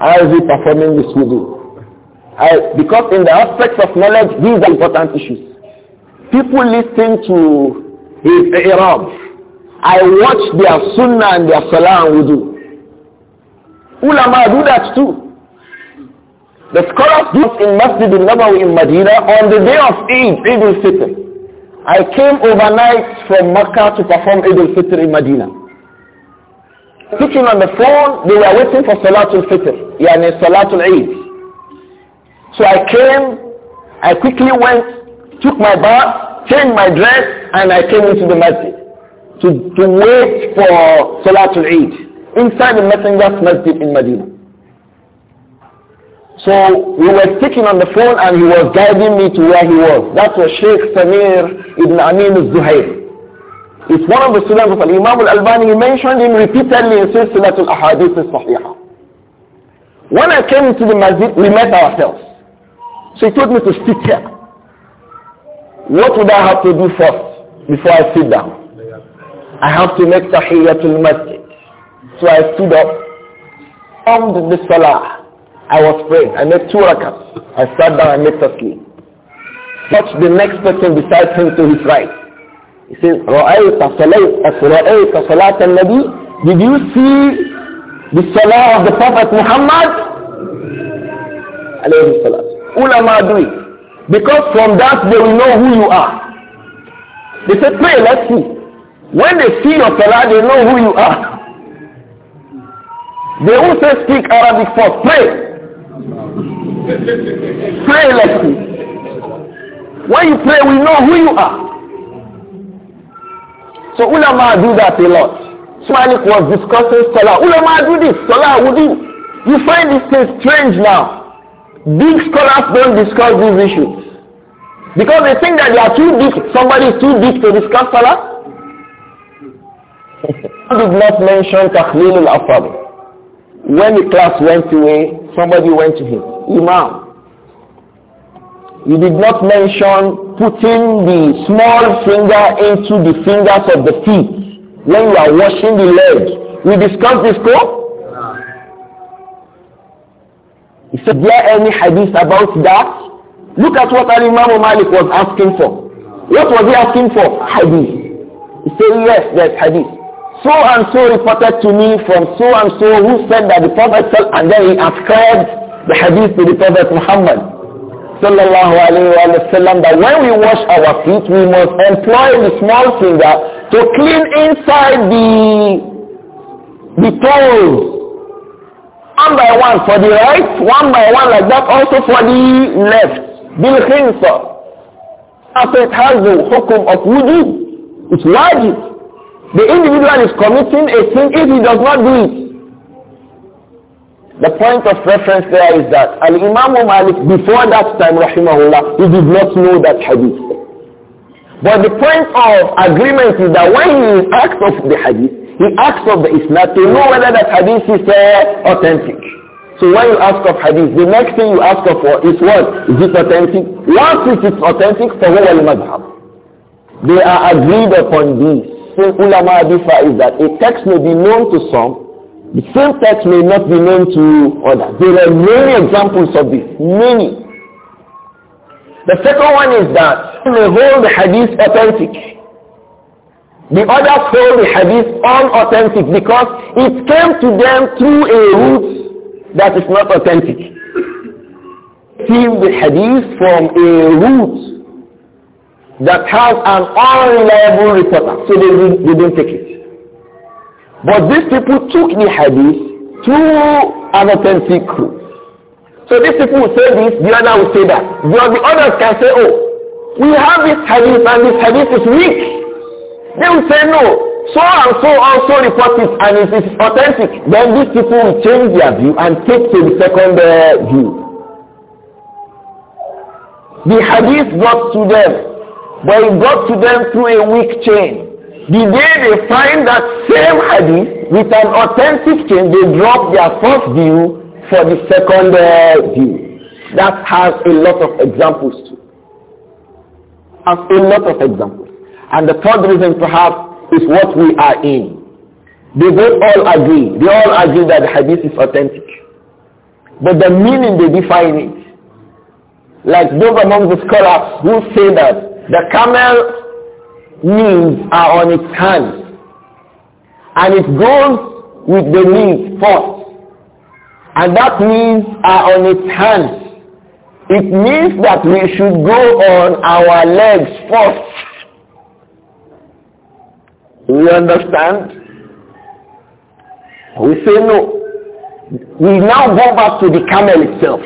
I will be performing this wudu. I, because in the aspects of knowledge, these are important issues. People listen to his I watch their sunnah and their salah and wudu. Ulama do that too. The scholars do in Masjid al-Nabawi in Medina on the day of Eid, Eid al-Fitr. I came overnight from Makkah to perform Eid al-Fitr in Medina. Sitting on the phone, they were waiting for Salatul Fitr, yani Salatul Eid. So I came, I quickly went, took my bath, changed my dress, and I came into the masjid to, to wait for Salatul Eid inside the Messenger's Masjid in Medina. So we were speaking on the phone and he was guiding me to where he was. That was Sheikh Samir ibn Amin al-Zuhair. It's one of the students of Imam al-Albani. He mentioned him repeatedly in Silsilat al-Ahadith al-Sahihah. When I came to the masjid, we met ourselves. So he told me to sit here. What would I have to do first before I sit down? I have to make tahiyyatul masjid. So I stood up, formed the salah. I was praying. I made two rakats. I sat down and made taslim. Touched the next person beside him to his right. He says, رَأَيْتَ al-nabi. Did you see the salah of the Prophet Muhammad? Ulama do it. Because from that they will know who you are. They say, pray, let's see. When they see your salah, they know who you are. They won't say speak Arabic first. Pray. pray, let's see. When you pray, we know who you are. So ulama do that a lot. Smalik was discussing salah. Ulama do this, salah would do. You find this thing strange now. Big scholars don't discuss these issues. Because they think that they are too big, somebody is too big to discuss Salah. did not mention Tahlil al-Afad. When the class went away, somebody went to him, Imam. You did not mention putting the small finger into the fingers of the feet when you are washing the legs. We discussed this, go? He said, there any hadith about that? Look at what Al-Imam Malik was asking for. What was he asking for? Hadith. He said, yes, there's hadith. So and so reported to me from so and so who said that the Prophet said, and then he ascribed the hadith to the Prophet Muhammad sallallahu alayhi wa sallam that when we wash our feet we must employ the small finger to clean inside the the toes one by one for the right, one by one like that, also for the left. bil After it has the hukum of wudu, it's wajib. The individual is committing a sin if he does not do it. The point of reference there is that Al-Imam Malik, before that time, rahimahullah, he did not know that hadith. But the point of agreement is that when he acts of the hadith, he asks of the Isnad to know whether that hadith is uh, authentic. So when you ask of hadith, the next thing you ask of is what? Is it authentic? Once it is authentic, فَهُوَ الْمَذْهَبُ They are agreed upon this. Same ulama adifa is that a text may be known to some, the same text may not be known to others. There are many examples of this. Many. The second one is that you hold the hadith authentic. The others hold the hadith unauthentic because it came to them through a route that is not authentic. Feel the hadith from a route that has an unreliable reporter, so they, they didn't take it. But these people took the hadith through an authentic route. So these people will say this, the other will say that. The others can say, oh, we have this hadith and this hadith is weak. They will say no. So and so also report it and it is authentic. Then these people will change their view and take to the second uh, view. The hadith got to them, but it got to them through a weak chain. The day they find that same hadith with an authentic chain, they drop their first view for the second uh, view. That has a lot of examples too. Has a lot of examples. And the third reason perhaps is what we are in. They both all agree. They all agree that the hadith is authentic. But the meaning they define it. Like those among the scholars who say that the camel knees are on its hands. And it goes with the knees first. And that means are on its hands. It means that we should go on our legs first. We understand? We say no. We now go back to the camel itself.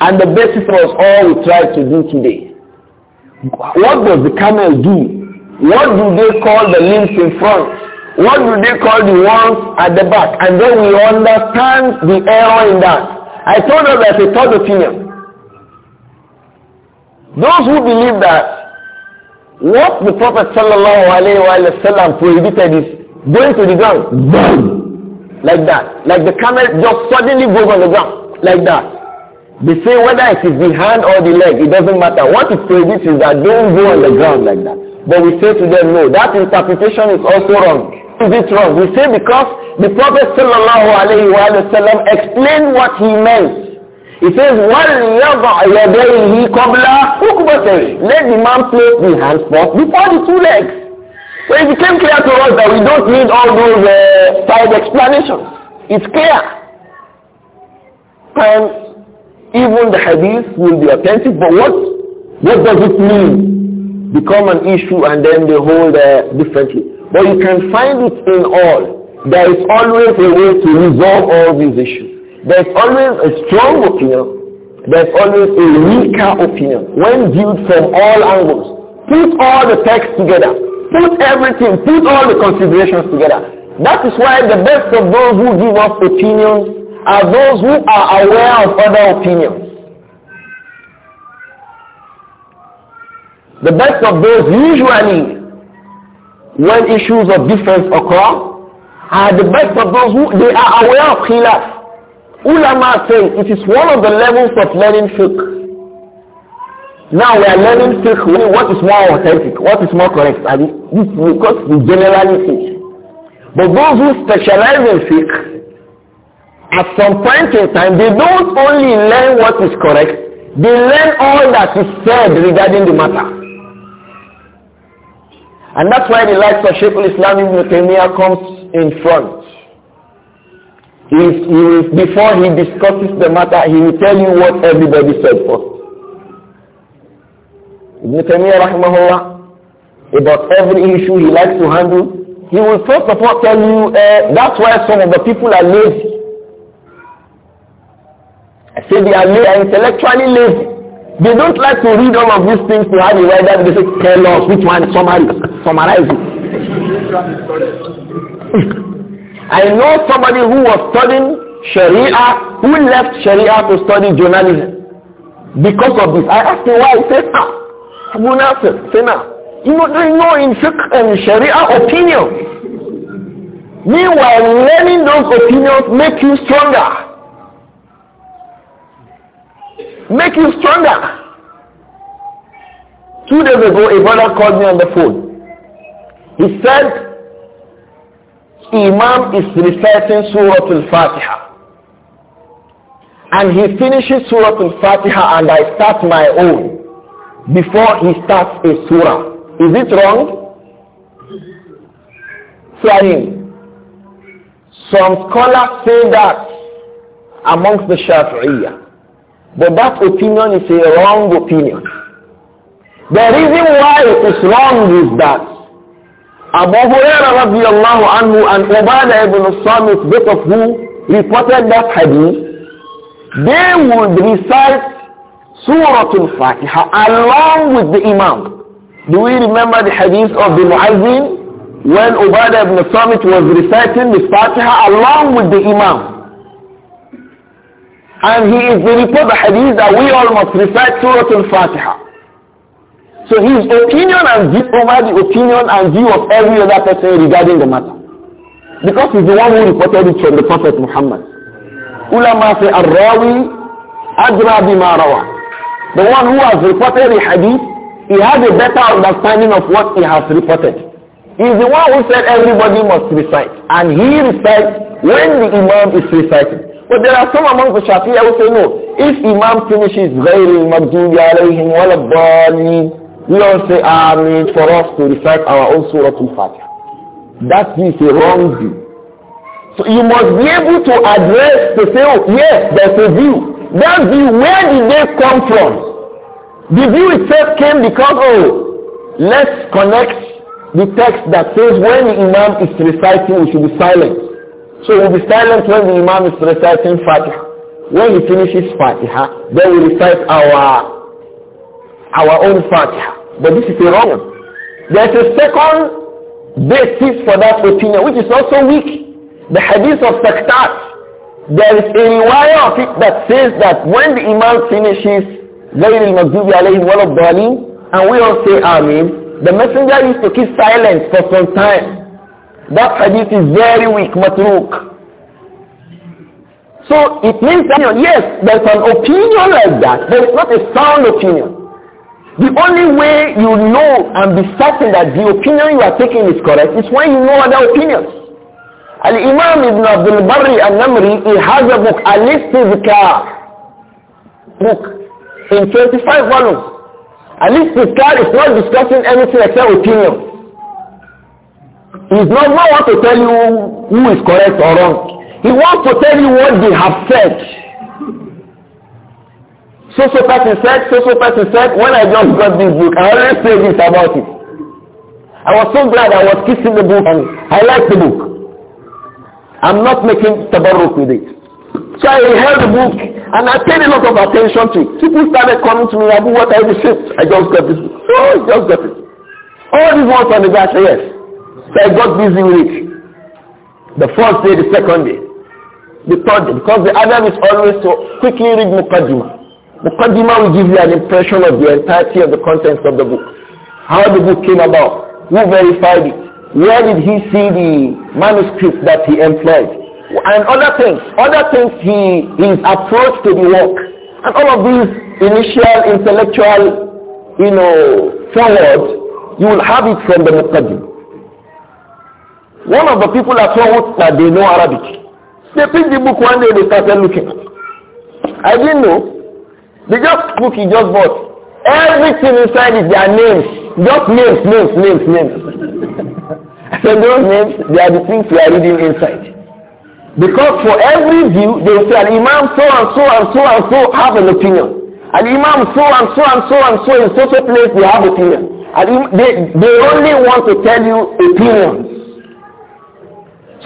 And the basis was all we tried to do today. What does the camel do? What do they call the limbs in front? What do they call the ones at the back? And then we understand the error in that. I told us that's a third opinion. Those who believe that what the Prophet ﷺ prohibited is going to the ground, boom, like that. Like the camel just suddenly goes on the ground, like that. They say whether it is the hand or the leg, it doesn't matter. What it prohibits is that don't go on the ground like that. But we say to them, no, that interpretation is also wrong. Is it wrong? We say because the Prophet ﷺ explained what he meant he says, وَلْيَضَعْ قَبْلَ رُكْبَتَيْهِ Let the man place the hands first before the two legs. So it became clear to us that we don't need all those uh, side explanations. It's clear. And even the hadith will be authentic, but what, what does it mean? Become an issue and then they hold uh, differently. But you can find it in all. There is always a way to resolve all these issues. There's always a strong opinion. There's always a weaker opinion when viewed from all angles. Put all the texts together. Put everything, put all the considerations together. That is why the best of those who give us opinions are those who are aware of other opinions. The best of those usually, when issues of difference occur, are the best of those who they are aware of khilaf. Ulama say it is one of the levels of learning fiqh. Now we are learning fiqh, what is more authentic, what is more correct, and this because we generally think. But those who specialize in fiqh, at some point in time, they don't only learn what is correct, they learn all that is said regarding the matter. And that's why the likes of sheik al-Islam Ibn Taymiyyah comes in front. If he, before he discusses the matter, he will tell you what everybody said first. Ibn Taymiyyah rahimahullah, about every issue he likes to handle, he will first of all tell you, uh, that's why some of the people are lazy. I say they are, lazy, intellectually lazy. They don't like to read all of these things to have a wider they say, tell us which one, summarize, summarize it. I know somebody who was studying Sharia, who left Sharia to study journalism because of this. I asked him why. He said, ah, Abu say now. you know, they know in fiqh and Sharia opinion. Meanwhile, learning those opinions make you stronger. Make you stronger. Two days ago, a brother called me on the phone. He said Imam is reciting Surah Al-Fatiha and he finishes Surah Al-Fatiha and I start my own before he starts a surah. Is it wrong? Flying. Some scholars say that amongst the Shafi'iyah. But that opinion is a wrong opinion. The reason why it is wrong is that Abu Hurairah radiallahu anhu and Ubadah ibn Samit, both of who reported that hadith, they would recite Surah Al-Fatiha along with the Imam. Do we remember the hadith of the Muazzin when Ubadah ibn Samit was reciting the Fatiha along with the Imam? And he is the report the hadith that we all must recite Surah Al-Fatiha. So his opinion and view over the opinion and view of every other person regarding the matter. Because he's the one who reported it from the Prophet Muhammad. Ulama say Arrawi Adra bima The one who has reported the hadith, he has a better understanding of what he has reported. He's the one who said everybody must recite. And he recites when the Imam is reciting. But there are some among the Shafi'ah who say no. If Imam finishes غير المغضوب عليهم ولا الضالين we all say ah, mean for us to recite our own Surah Al-Fatiha. That is a wrong view. So you must be able to address to say, oh, yes, there's a view. That view, where did they come from? The view itself came because, oh, let's connect the text that says when the Imam is reciting, we should be silent. So we'll be silent when the Imam is reciting Fatiha. When he finishes Fatiha, then we recite our our own Fatiha. But this is a wrong one. There's a second basis for that opinion, which is also weak. The hadith of Saktat. There is a riwayah of it that says that when the Imam finishes, غير المغضوب عليهم ولا الضالين, and we all say Amin, the messenger used to keep silence for some time. That hadith is very weak, matruk. So it means that, yes, there's an opinion like that, but it's not a sound opinion. The only way you know and be certain that the opinion you are taking is correct is when you know other opinions. Al-Imam Ibn Abdul Barri al-Namri, he has a book, Al-Istizkar, book, in 25 volumes. Al-Istizkar is not discussing anything except opinion. He's not, not want to tell you who is correct or wrong. He wants to tell you what they have said. So so person said, so so person said, when I just got this book, I always say this about it. I was so glad I was kissing the book and I liked the book. I'm not making tabarruk with it. So I held the book and I paid a lot of attention to it. People started coming to me, Abu, what are the ships? I just got this book. Oh, I just got it. All these ones on the back, yes. So I got busy with it. The first day, the second day, the third day, because the Adam is always to quickly read Muqaddimah. Muqaddimah will give you an impression of the entirety of the contents of the book. How the book came about, who verified it, where did he see the manuscript that he employed, and other things, other things he, his approach to the work. And all of these initial intellectual, you know, forward, you will have it from the Muqaddim. One of the people at home that they know Arabic. They picked the book one day, they started looking at it. I didn't know. They just book he just bought. Everything inside is their names. Just names, names, names, names. said those names, they are the things we are reading inside. Because for every view, they say an imam so and so and so and so have an opinion. An imam so and so and so and so in so so place they have opinion. And they, they only want to tell you opinions.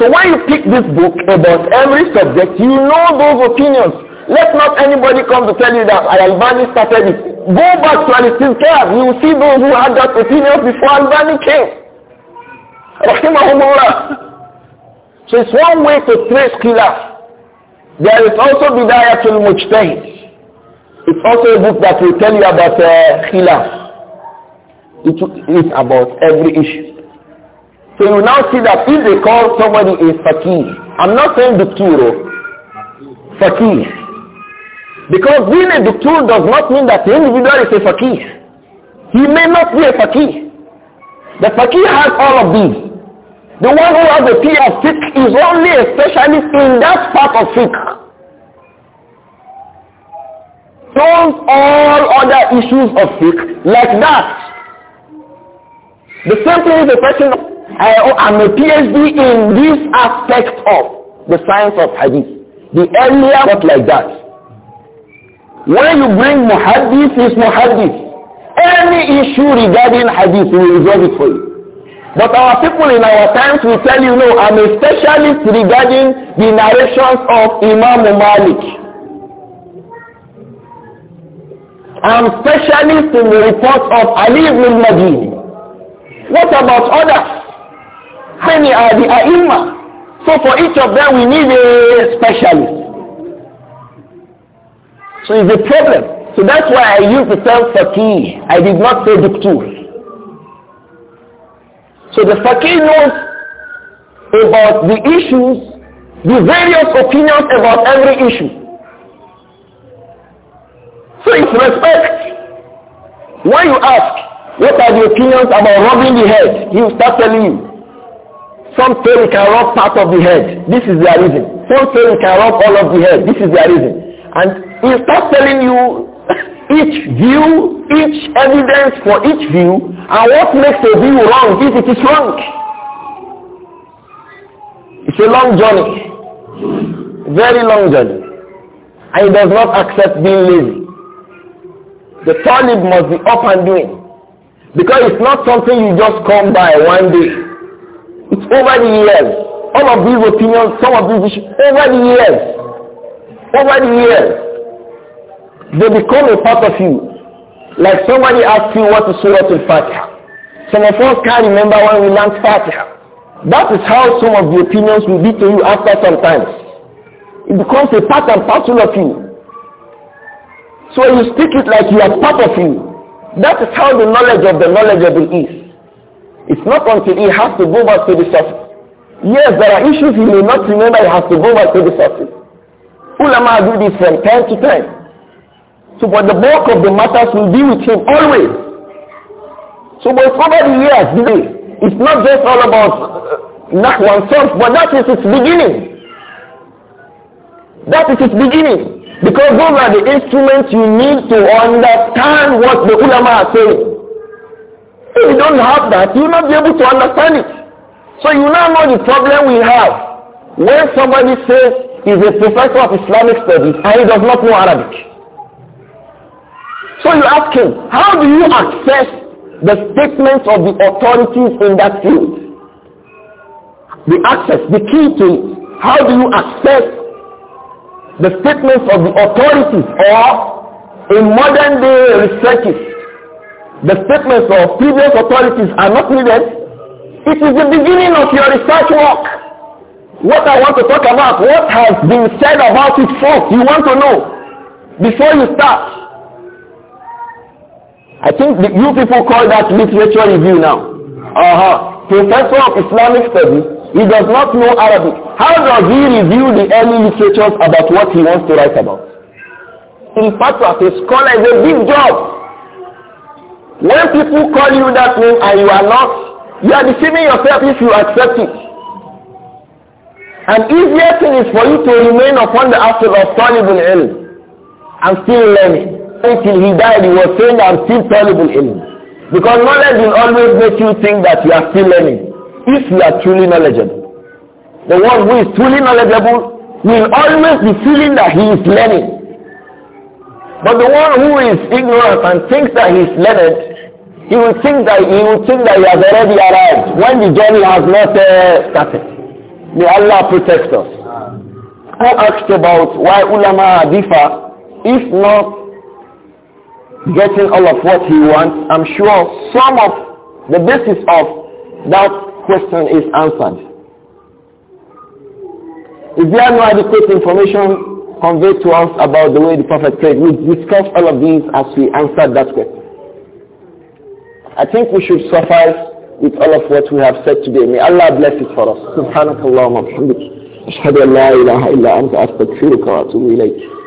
So when you pick this book about every subject, you know those opinions. Let not anybody come to tell you that Al-Albani started it. Go back to Al-Istin You will see those who had that opinion before Al-Albani came. So it's one way to trace killers. There is also Bidayatul Mujtahid. It's also a book that will tell you about uh, khilaf. It is about every issue. So you now see that if they call somebody a fakir, I'm not saying the fakir, fakir, because being a doctor does not mean that the individual is a faqih. He may not be a faqih. The faqih has all of these. The one who has a PhD of fiqh is only a specialist in that part of fiqh. Solve all other issues of fiqh like that. The same thing is the question of, I am a PhD uh, in this aspect of the science of hadith. The earlier not like that. When you bring muhadith, is muhadith. Any issue regarding hadith, we resolve it for you. But our people in our times will tell you, no, I'm a specialist regarding the narrations of Imam Malik. I'm specialist in the reports of Ali ibn Madini. What about others? Many are the ai So for each of them, we need a specialist. So it's a problem. So that's why I used the term "fakir." I did not say doctor. So the fakir knows about the issues, the various opinions about every issue. So it's respect. When you ask, what are the opinions about rubbing the head? He will start telling you. Some say it can rub part of the head. This is their reason. Some say it can rub all of the head. This is their reason. And we start telling you each view, each evidence for each view, and what makes a view wrong if it is wrong. It's a long journey. Very long journey. And he does not accept being lazy. The talib must be up and doing. Because it's not something you just come by one day. It's over the years. All of these opinions, some of these issues, over the years. Over the years. They become a part of you. Like somebody asks you what is Surah Al-Fatiha. Some of us can't remember when we learned Fatiha. That is how some of the opinions will be to you after some time. It becomes a part and parcel of you. So you speak it like you are part of you. That is how the knowledge of the knowledgeable is. It's not until he has to go back to the surface. Yes, there are issues he may not remember he has to go back to the surface. Ulama do this from time to time. So, but the bulk of the matters will be with him always. So, but over the years, it's not just all about uh, not one source, but that is its beginning. That is its beginning. Because those are the instruments you need to understand what the ulama are saying. If you don't have that, you will not be able to understand it. So you now know the problem we have. When somebody says he's a professor of Islamic studies and he does not know Arabic. So you ask him, how do you access the statements of the authorities in that field? The access, the key to How do you access the statements of the authorities or in modern day researches, the statements of previous authorities are not needed. It is the beginning of your research work. What I want to talk about, what has been said about it first, you want to know before you start. I think the, you people call that literature review now. Uh-huh. Professor of Islamic studies, he does not know Arabic. How does he review the early literatures about what he wants to write about? In fact, as a scholar is a big job. When people call you that name and you are not, you are deceiving yourself if you accept it. An easier thing is for you to remain upon the after of talibul ilm and still learning till he died, he was saying, I'm still terrible in Because knowledge will always make you think that you are still learning, if you are truly knowledgeable. The one who is truly knowledgeable will always be feeling that he is learning. But the one who is ignorant and thinks that he is learned, he will think that he will think that he has already arrived when the journey has not uh, started. May Allah protect us. I asked about why ulama differ if not getting all of what he wants, I'm sure some of the basis of that question is answered. If there are no adequate information conveyed to us about the way the Prophet prayed? We discuss all of these as we answer that question. I think we should suffice with all of what we have said today. May Allah bless it for us. سبحانك اللهم وبحمدك أشهد أن لا إله إلا أنت أستغفرك وأتوب إليك